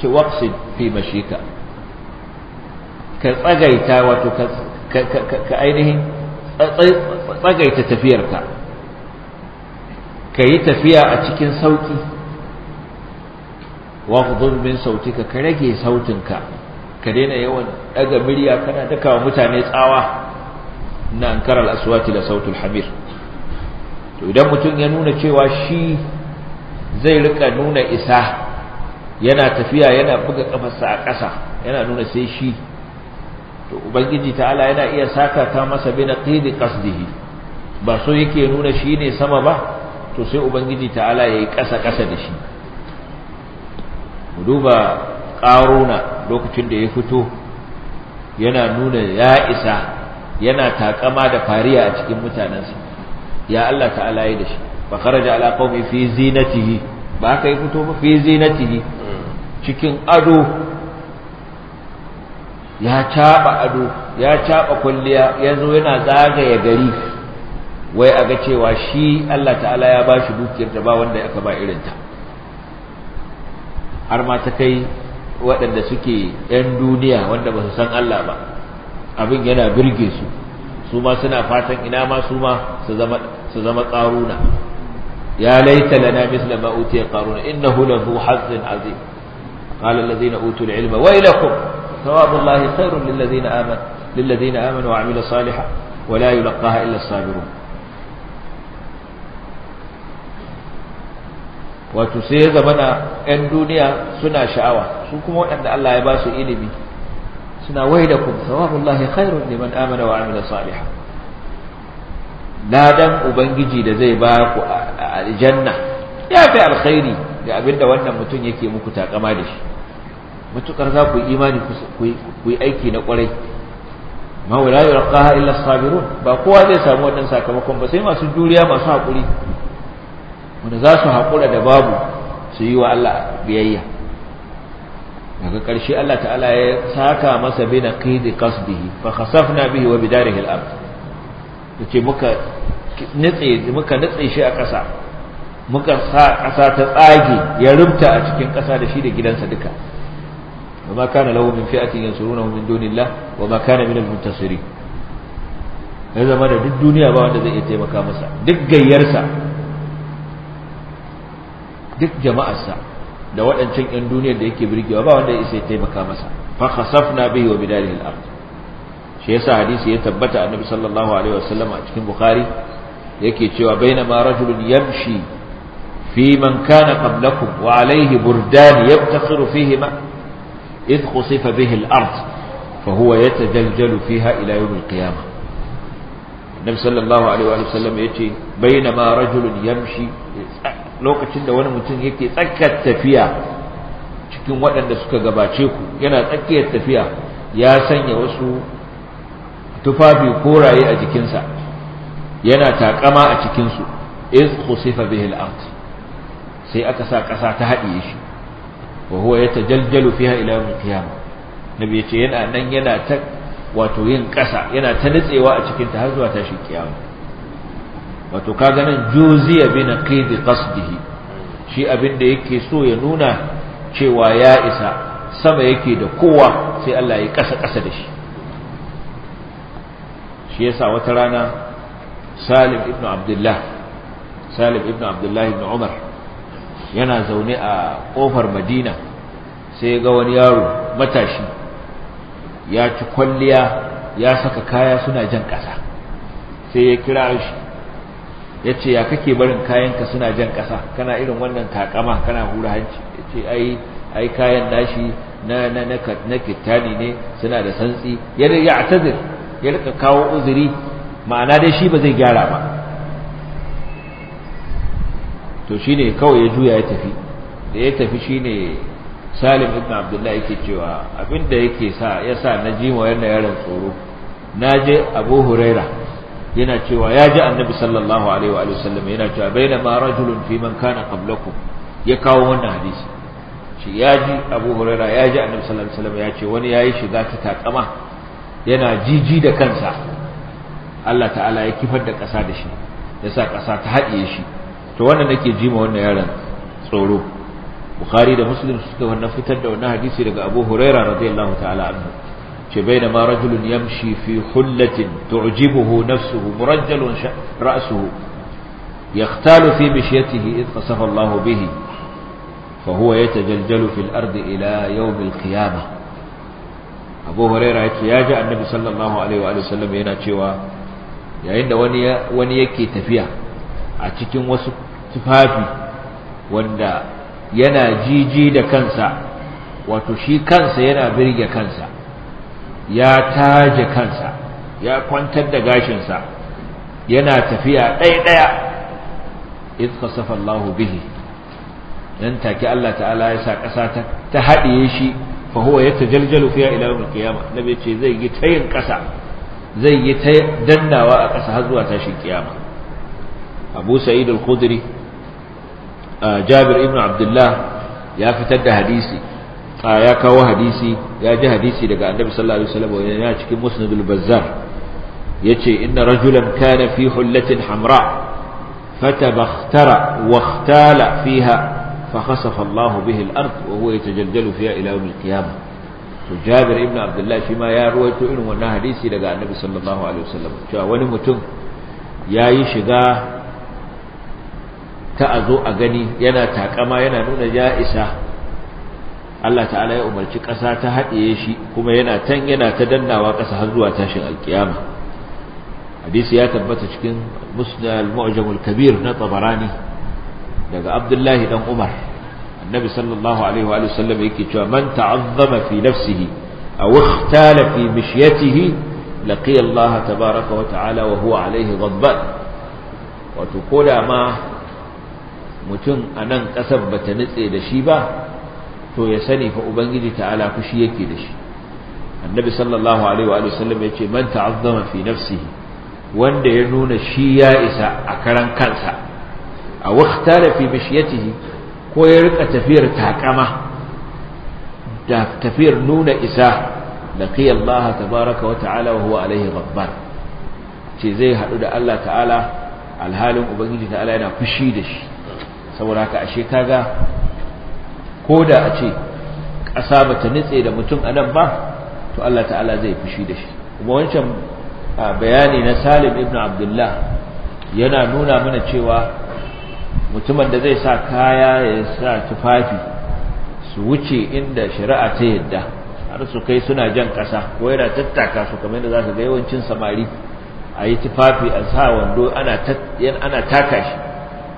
ki waqsid fi mashika ka tsagaita wato ka ainihin tsagaita tafiyarka ka yi tafiya a cikin sauki waqdud min sauti ka rage sautinka ka daina yawan daga murya kana dakawa mutane tsawa na ankaral aswati la sautul hamir to idan mutum ya nuna cewa shi zai rika nuna isa yana tafiya yana buga kafarsa a ƙasa yana nuna sai shi to ubangiji ta'ala yana iya saka ta masa bi naqidi qasdihi ba so yake nuna shi ne sama ba to sai ubangiji ta'ala ya yi ƙasa-ƙasa da shi duba ƙaruna lokacin da ya fito yana nuna ya isa yana taƙama da fariya a cikin mutanensa ya Allah ta'ala ya da shi ba kharaja alaƙa mai fi zinatihi ba ka yi fito ba fi zinatihi cikin ado ya caɓa ado ya caba kulliya yanzu yana zagaya gari wai a ga cewa shi Allah ta'ala ya ba shi dukiyar da ba wanda aka ba irinta har ma ta kai waɗanda suke 'yan duniya wanda ba su san Allah ba abin yana birge su su ma suna fatan ina ma su ma su zama tsaruna ya laita lana misla ma utiya qaruna innahu lahu hazzin azim qala allazina utul ilma waylakum thawabu khairun lil amanu lil amanu wa amila salihan wa la yulqaha illa as-sabirun wato sai ya zamana na 'yan duniya suna sha'awa su kuma waɗanda Allah ya ba su ilimi suna wai da kuma ya khairun neman amana wa amila salihah ladan ubangiji da zai ba ku a aljanna ya fi alkhairi ga abinda wannan mutum yake muku takama da shi mutukar za ku imani ku yi aiki na kwarai ma wala yurqaha illa sabirun ba kowa zai samu wannan sakamakon ba sai masu juriya masu hakuri wanda za su haƙura da babu su yi wa Allah biyayya daga ƙarshe Allah ta'ala ya saka masa bi na qidi qasdihi fa khasafna bihi wa bidarihi al-ard yace muka nitse muka nitse shi a ƙasa muka sa ƙasa ta tsage ya rubta a cikin ƙasa da shi da gidansa duka وما كان له من فئة ينصرونه من دون الله وما كان من المنتصرين ya zama da duk duniya ba wanda zai iya taimaka masa duk gayyarsa duk jama'arsa da waɗancan ƴan duniyar da yake birgewa ba wanda ya isa ya taimaka masa fa na bihi wa bidarihi al shi yasa hadisi ya tabbata annabi sallallahu alaihi wasallam a cikin bukhari yake cewa ma rajulun yamshi fi man kana qablakum wa alaihi burdan yabtakhiru fihi ma idh khusifa bihi al-ard fa huwa yatajaljalu fiha ila yawm al-qiyamah annabi sallallahu alaihi wasallam yace bainama rajulun yamshi lokacin da wani mutum yake tsakar tafiya cikin waɗanda suka gabace ku yana tsakiyar tafiya ya sanya wasu tufafi koraye a jikinsa yana takama a cikinsu iz khusifa bihi al-ard sai aka sa ƙasa ta haɗiye shi wa huwa yatajaljalu fiha ila yawm al-qiyamah nabi yace yana nan yana ta wato yin ƙasa yana ta nutsewa a cikin ta har zuwa tashin kiyama wato ka ganin juziya bi naqidi qasdihi shi abin da yake so ya nuna cewa ya isa sama yake da kowa sai Allah ya kasa kasa da shi shi yasa wata rana Salim ibn Abdullah Salim ibn Abdullah ibn Umar yana zaune a kofar Madina sai ga wani yaro matashi ya ci kwalliya ya saka kaya suna jan kasa sai ya kira shi ya ce ya kake barin kayanka suna jan ƙasa kana irin wannan takama kana hura hanci ya ce ai kayan nashi na na kittani ne suna da santsi ya ya atazir ya rika kawo uzuri ma'ana dai shi ba zai gyara ba to shi ne kawai ya juya ya tafi da ya tafi shi ne Salim ibn Abdullah yake cewa abinda yake sa ya sa na ji wa wannan yaron tsoro na je Abu Huraira yana cewa ya ji annabi sallallahu alaihi wa sallam yana cewa baina ma rajulun fi man kana qablakum ya kawo wannan hadisi shi ya ji Abu ya ji annabi sallallahu alaihi wa sallam ya ce wani yayi shiga ta takama yana jiji da kansa Allah ta'ala ya kifar da ƙasa da shi ya sa ƙasa ta haɗiye shi to wannan nake ji ma wannan yaron tsoro Bukhari da Muslim suka wannan fitar da wannan hadisi daga Abu Huraira radiyallahu ta'ala anhu ce bai da ma rajulun yamshi fi hullatin tu'jibuhu nafsuhu murajjalun ra'suhu yaqtalu fi mishyatihi idh qasafa Allahu bihi fa huwa yatajaljalu fil ardi ila yawm al qiyamah Abu Hurairah yace ya ji Annabi sallallahu alaihi wa sallam yana cewa yayin da wani wani yake tafiya a cikin wasu tufafi wanda yana jiji da kansa wato shi kansa yana birge kansa ya taje kansa ya kwantar da gashinsa yana tafiya ɗaya-ɗaya idh khasafa Allahu bihi dan take Allah ta'ala ya sa ƙasa ta ta haɗiye shi fa huwa yatajaljalu fiha ila yawm al-qiyamah nabi ce zai yi tayin ƙasa zai yi ta dannawa a ƙasa har zuwa tashin kiyama Abu Sa'id al-Khudri Jabir ibn Abdullah ya fitar da hadisi ya kawo hadisi ya ji hadisi daga annabi sallallahu alaihi wasallam wanda cikin musnadul bazzar yace inna rajulan kana fi hullatin hamra fatabakhtara wakhtala fiha فخسف الله به الأرض وهو يتجلجل فيها إلى يوم القيامة جابر ابن عبد الله فيما يروي إن ونا حديثي لقى النبي صلى الله عليه وسلم جاء ونمتم يا يشغى ta'azo a gani yana takama yana nuna ja'isa Allah ta'ala ya umarci ƙasa ta haɗiye shi kuma yana tan yana ta dannawa ƙasa har zuwa tashin alkiyama hadisi ya tabbata cikin musnad al kabir na tabarani daga abdullahi dan umar annabi sallallahu alaihi wa sallam yake cewa man ta'azzama fi nafsihi aw ikhtala fi mishyatihi laqiya Allah tabaraka wa ta'ala wa huwa alaihi ghadban wato ko da ma mutum anan kasar bata nitse da shi ba to ya sani fa ubangiji ta'ala fushi yake da shi annabi sallallahu alaihi wa sallam yace man ta'azzama fi nafsihi wanda ya nuna shi ya isa a karan kansa a waqtara fi bishiyatihi ko ya rika tafiyar takama da tafiyar nuna isa laqiya Allah tabaaraka wa ta'ala wa huwa alaihi ghadban ce zai hadu da Allah ta'ala alhalin ubangiji ta'ala yana fushi da shi saboda haka ashe kaga ko da a ce ƙasa ba ta nitse da mutum a nan ba to Allah ta'ala zai fushi da shi kuma wancan bayani na salim ibn abdullah yana nuna mana cewa mutumin da zai sa kaya ya sa tufafi su wuce inda shari'a ta yadda har su kai suna jan ƙasa ko yana tattaka su kamar yadda za ka ga yawancin samari a yi tufafi a sa wando ana taka shi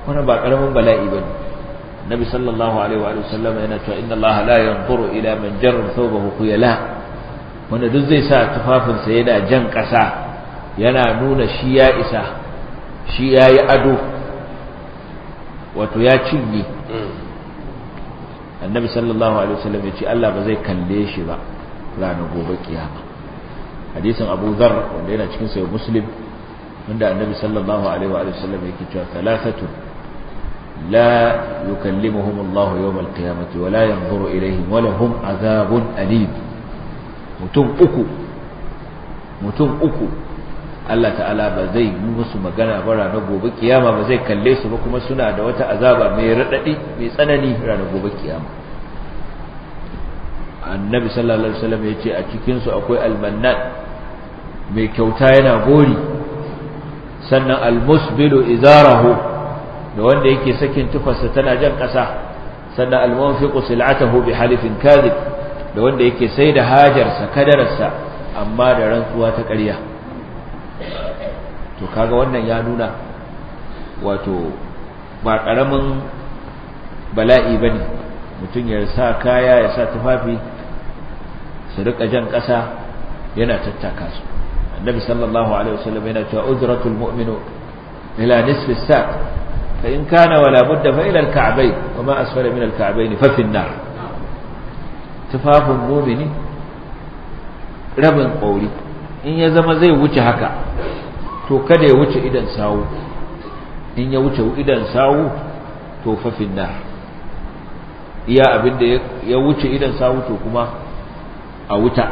wannan ba ƙaramin bala'i ba ne nabi sallallahu alaihi wa sallam yana cewa inna Allah la yanzuru ila man jarra thawbahu khuyala wanda duk zai sa tufafinsa yana jan ƙasa yana nuna shi ya isa shi ya yi ado wato ya cinye annabi sallallahu alaihi wasallam ya ce Allah ba zai kalle shi ba ranar gobe kiyama hadisin Abu Dharr wanda yana cikin sahih Muslim wanda annabi sallallahu alaihi wa sallam yake cewa talatatu لا يكلمهم الله يوم القيامة ولا ينظر إليهم ولهم عذاب Allah ta'ala bazai zai yi musu magana ba ranar gobe kiyama ba zai kalle su ba kuma suna da wata azaba mai raɗaɗi mai tsanani ranar gobe kiyama annabi sallallahu alaihi ya ce a cikinsu akwai almannan mai kyauta yana gori sannan almusbilu izarahu da wanda yake sakin tufarsa tana jan ƙasa sannan almunfiqu sil'atahu bi halifin kadhib da wanda yake sai da hajarsa kadararsa amma da rantsuwa ta ƙarya to kaga wannan ya nuna wato ba ƙaramin bala'i bane mutum ya sa kaya ya sa tufafi su rika jan ƙasa yana tattaka su annabi sallallahu alaihi wasallam yana cewa udratul mu'minu ila fa in kana wala budda fa ila al-ka'bayn wa ma asfala min al-ka'bayn fa fi an-nar tufafin rabin kauri in ya zama zai wuce haka to kada ya wuce idan sawu in ya wuce idan sawu to fa fi an abinda ya wuce idan sawu to kuma a wuta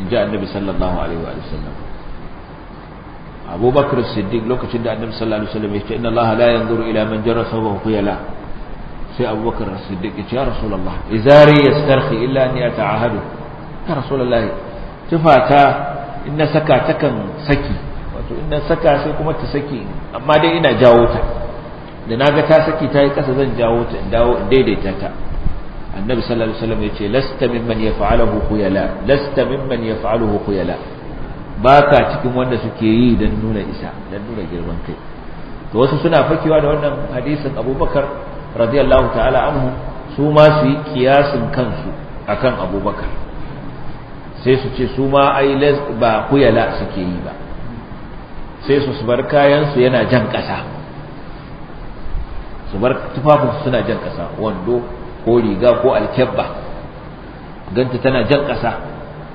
in ji annabi sallallahu alaihi wa sallam abubakar siddiq lokacin da annabi sallallahu alaihi wasallam ya ce inna allaha la yanzuru ila man jarra sawahu qiyala sai abubakar siddiq ya ce ya rasulullah izari yastarhi illa an yata'ahadu ya rasulullah tufata in na saka takan saki wato in na saka sai kuma ta saki amma dai ina jawo ta da naga ta saki ta yi kasa zan jawo ta in dawo in daidaita ta annabi sallallahu alaihi wasallam ya ce lasta mimman yaf'aluhu khuyala lasta mimman yaf'aluhu khuyala ba ka cikin wanda suke yi don nuna isa don nuna girman kai to wasu suna fakewa da wannan hadisin abubakar radiyallahu ta'ala anhu su ma su yi kiyasin kansu akan abubakar sai su ce su ma ai ba kuyala suke yi ba sai su bar kayansu yana jan ƙasa su bar tufafinsu suna jan ƙasa wando ko riga ko alkyabba ganta tana jan ƙasa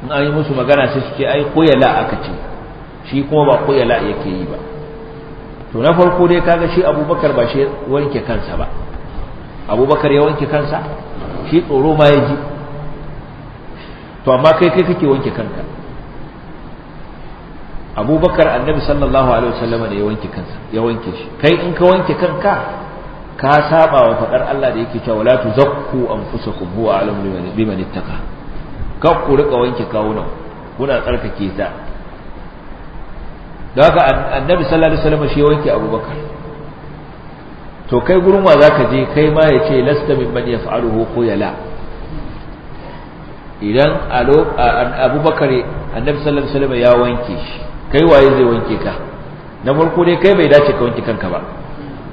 in an yi musu magana sai suke ce ai koyala aka ce shi kuma ba koyala yake yi ba to na farko dai kaga shi abubakar ba shi wanke kansa ba abubakar ya wanke kansa shi tsoro ma ya ji to amma kai kai kake wanke kanka abubakar annabi sallallahu alaihi wasallam ne ya wanke kansa ya wanke shi kai in ka wanke kanka ka saba wa faɗar Allah da yake cewa la tuzakku anfusakum huwa a'lamu biman ittaqa kan ku rika wanke kawunan kuna tsarkake ta da haka annabi sallallahu alaihi wasallam shi wanke abubakar to kai gurin wa zaka je kai ma ya ce lasta min man yaf'aluhu khuyala idan abubakar annabi sallallahu alaihi wasallam ya wanke shi kai waye zai wanke ka na farko dai kai bai dace ka wanke kanka ba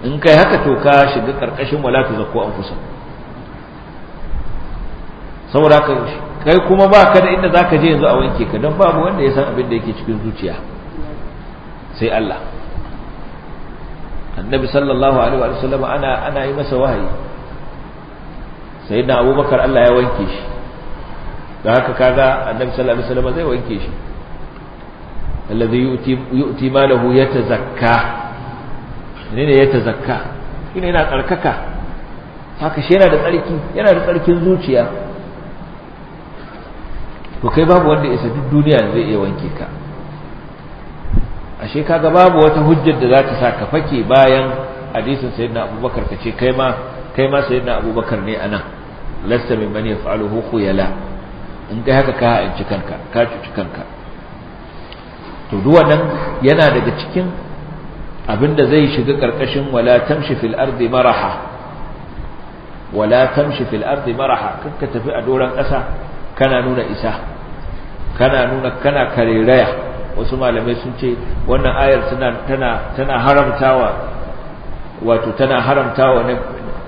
in kai haka to ka shiga karkashin wala zakku anfusakum saboda haka kai kuma ba ka da inda za ka je yanzu a wanke ka don babu wanda ya san abin da yake cikin zuciya sai Allah annabi sallallahu alaihi wa sallam ana ana yi masa wahayi sayyidina abubakar Allah ya wanke shi da haka kaga annabi sallallahu alaihi wa sallam zai wanke shi alladhi yu'ti yu'ti malahu yatazakka ne ne yatazakka shine yana tsarkaka haka shi yana da tsarki yana da tsarkin zuciya to kai babu wanda isa duk duniya zai iya wanke ka ashe kaga babu wata hujjar da za ta sa ka fake bayan hadisin sayyidina abubakar ka ce kai ma kai ma sayyidina abubakar ne anan lasta min man yaf'aluhu khuyala in kai haka ka ha'inci kanka ka cuci kanka to duk wannan yana daga cikin abinda zai shiga karkashin wala tamshi fil ardi maraha wala tamshi fil ardi maraha kanka tafi a doran kasa kana nuna isa kana nuna kana raya wasu malamai sun ce wannan ayar tana tana haramtawa wato tana haramtawa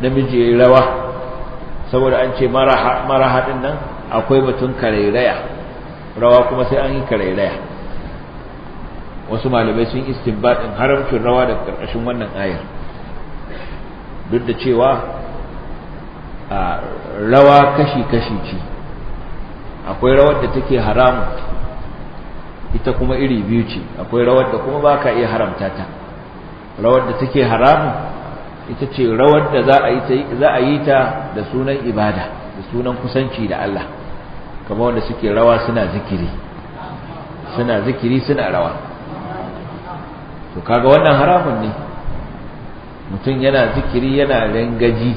namiji yayi rawa saboda an ce maraha maraha din nan akwai batun raya rawa kuma sai an yi raya wasu malamai sun istinbadin haramcin rawa da karkashin wannan ayar duk da cewa rawa kashi-kashi ce akwai rawar da take haramu ita kuma iri biyu ce akwai rawar da kuma baka iya haramta ta rawar da take haramu ita ce rawar da za a yi ta da sunan ibada da sunan kusanci da Allah kamar wanda suke rawa suna zikiri suna zikiri suna rawa to kaga wannan haramun ne mutum yana zikiri yana rangaji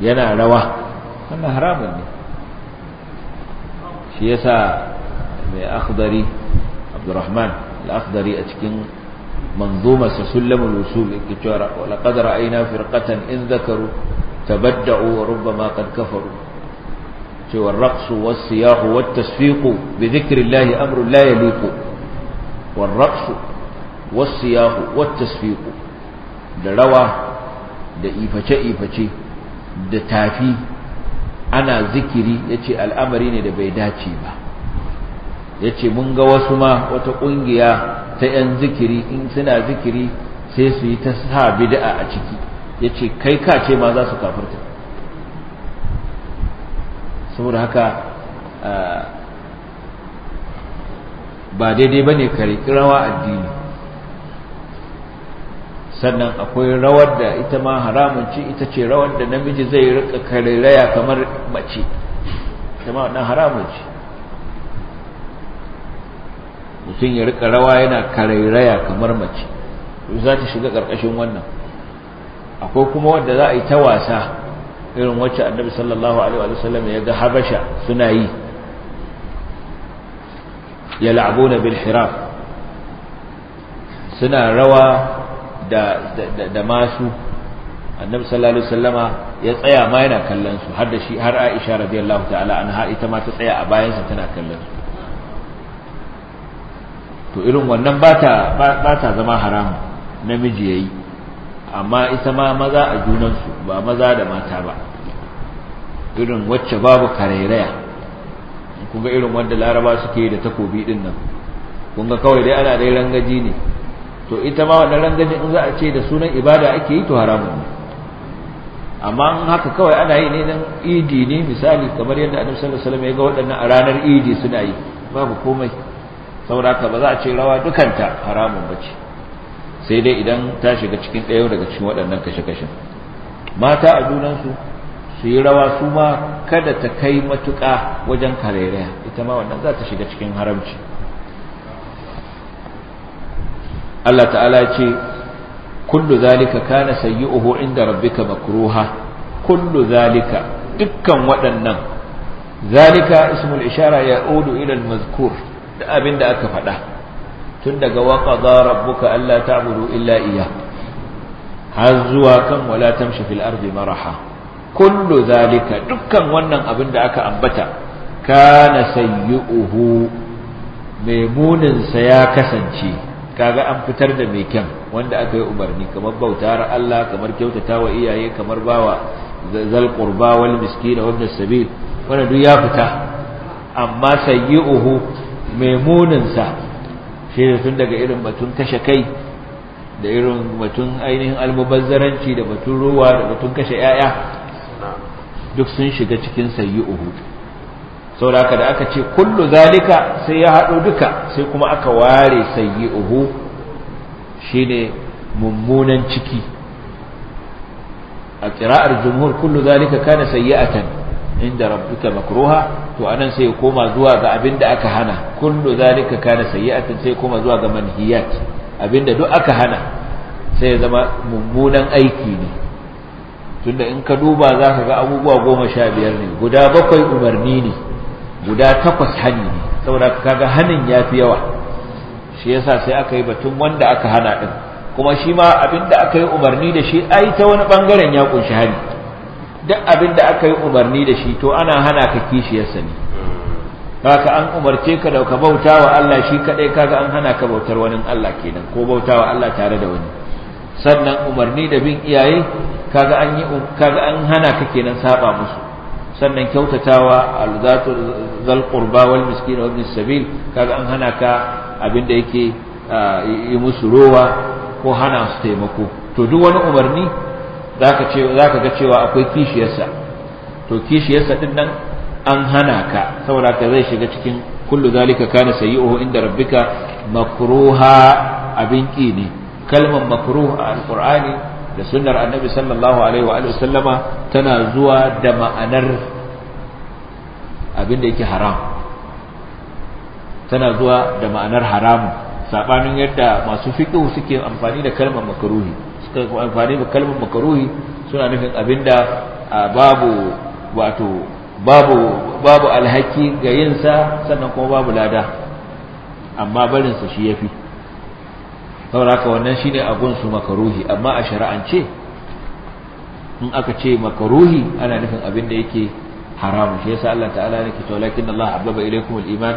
yana rawa wannan haramun ne shi yasa mai akhdari abdurrahman al-akhdari a cikin manzumar sa sullamul usul yake cewa wa laqad ra'ayna firqatan in dhakaru tabadda'u wa rubbama qad kafaru cewa raqs wa siyah wa tasfiq bi dhikri allah amru la yaliqu wa raqs wa siyah wa tasfiq da rawa da iface iface da tafi ana zikiri ya ce al'amari ne da bai dace ba ya ce mun ga wasu ma wata ƙungiya ta 'yan zikiri in suna zikiri sai su yi ta sa bid'a a ciki ya ce kai ka ce ma za su kafarta saboda haka ah, ba daidai ba ne kare kirawa addini sannan akwai rawar da ita ma haramun ci ita ce rawar da namiji zai rika kariraya kamar mace ita ma wannan haramun ci mutum ya rika rawa yana karairaya kamar mace za ta shiga ƙarƙashin wannan akwai kuma wanda za a yi ta wasa irin wacce annabi sallallahu alaihi wasallam ya ga habasha suna yi yal'abuna bil hiraf suna rawa da masu annabi sallallahu alaihi wasallama ya tsaya ma yana kallon su har da shi har Aisha radiyallahu ta'ala anha ita ma ta tsaya a bayan sa tana kallon to irin wannan ba ta zama haramu namiji yayi amma ita ma maza a junan su ba maza da mata ba irin wacce babu karairaya kun ga irin wanda laraba suke da takobi din nan kun ga kawai dai ana dai rangaji ne to ita ma wannan rangaji in za a ce da sunan ibada ake yi to haramun ne amma in haka kawai ana yi ne dan idi ne misali kamar yadda annabi sallallahu alaihi wasallam ya ga waɗannan a ranar idi suna yi babu komai saboda ba za a ce rawa dukanta haramun bace sai dai idan ta shiga cikin ɗaya daga cikin waɗannan kashe kashe mata a junansu su yi rawa su ma kada ta kai matuƙa wajen karairaya ita ma wannan za ta shiga cikin haramci Allah ta'ala ce kullu zalika kana sayyi'uhu inda rabbika makruha kullu zalika dukkan waɗannan zalika ismul ishara ya ila al-mazkur da da aka faɗa tun daga waqada rabbuka alla ta'budu illa iyyah har zuwa kan wala tamshi fil ardi maraha kullu zalika dukkan wannan abin da aka ambata kana sayyi'uhu mai muninsa ya kasance kaga an fitar da mai kyan wanda aka yi umarni kamar bautar Allah kamar kyautata wa iyaye kamar bawa zal qurba wal miskin wa ibn sabil wannan duk ya fita amma sayyi'uhu maimunin sa shi ne tun daga irin batun kashe kai da irin batun ainihin almubazzaranci da batun ruwa da batun kashe yaya duk sun shiga cikin sayyi'uhu saboda da aka ce kullu zalika sai ya haɗo duka sai kuma aka ware uhu shine mummunan ciki a ƙira'ar jumhur kullu zalika kana sayyi'atan inda rabbuka makruha to anan sai ya koma zuwa ga abinda aka hana kullu zalika kana sayyi'atan sai koma zuwa ga manhiyat abinda duk aka hana sai ya zama mummunan aiki ne tunda in ka duba zaka ga abubuwa goma sha biyar ne guda bakwai umarni ne guda takwas hani ne saboda kaga hanin ya fi yawa shi yasa sai aka yi batun wanda aka hana din kuma shi ma abinda aka yi umarni da shi ai ta wani ɓangaren ya ƙunshi hani duk abin da aka yi umarni da shi to ana hana ka kishiyarsa ne haka an umarce ka da ka bauta wa Allah shi kaɗai. kaga an hana ka bautar wani Allah kenan ko bauta wa Allah tare da wani sannan umarni da bin iyaye kaga an yi um, kaga an hana ka kenan saba musu sannan kyautatawa alzatu zal qurba wal miskin wa ibn sabil kaga an hana ka abinda yake yi musu rowa ko hana su taimako to duk wani umarni zaka ce zaka ga cewa akwai kishiyarsa to kishiyarsa din nan an hana ka saboda ka zai shiga cikin kullu zalika kana sayyi'uhu inda rabbika makruha abin ki ne kalmar makruh a alqur'ani da sunnar annabi sallallahu alaihi wa alihi sallama tana zuwa da ma'anar abin da yake haram tana zuwa da ma'anar haram sabanin yadda masu fiqh suke amfani da kalmar makruhi suka amfani da kalmar makruhi suna nufin abinda babu wato babu babu alhaki ga yinsa sannan kuma babu lada amma barinsa shi yafi saboda wannan shine a su makaruhi amma a shari'ance in aka ce makaruhi ana nufin abin da yake haramu. shi yasa Allah ta'ala yake cewa lakin Allah habbaba ilaykum al-iman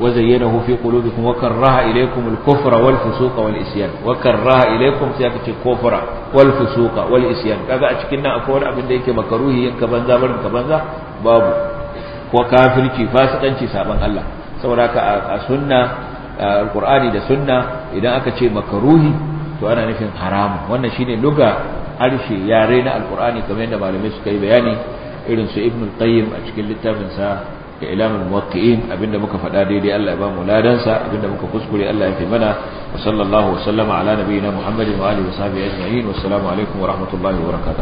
wa zayyanahu fi qulubikum wa karaha ilaykum al-kufra wal fusuqa wal isyan wa karaha ilaykum sai aka ce kufra wal fusuqa wal isyan kaga a cikin nan akwai wani abin da yake makaruhi yanka banza barin ka banza babu ko kafirci fasikanci saban Allah saboda haka a sunna alkur'ani da sunna idan aka ce makaruhi to ana nufin haramu wannan shine luga harshe yare na alkurani kamar yadda malamai suka yi bayani irin su ibn al-qayyim a cikin littafinsa sa da ilamul muwaqqi'in abinda muka faɗa daidai Allah ya ba mu ladansa sa abinda muka kuskure Allah ya fi mana wa sallallahu wa sallama ala nabiyyina muhammadin wa alihi wa sahbihi ajma'in wa assalamu alaikum wa rahmatullahi wa barakatuh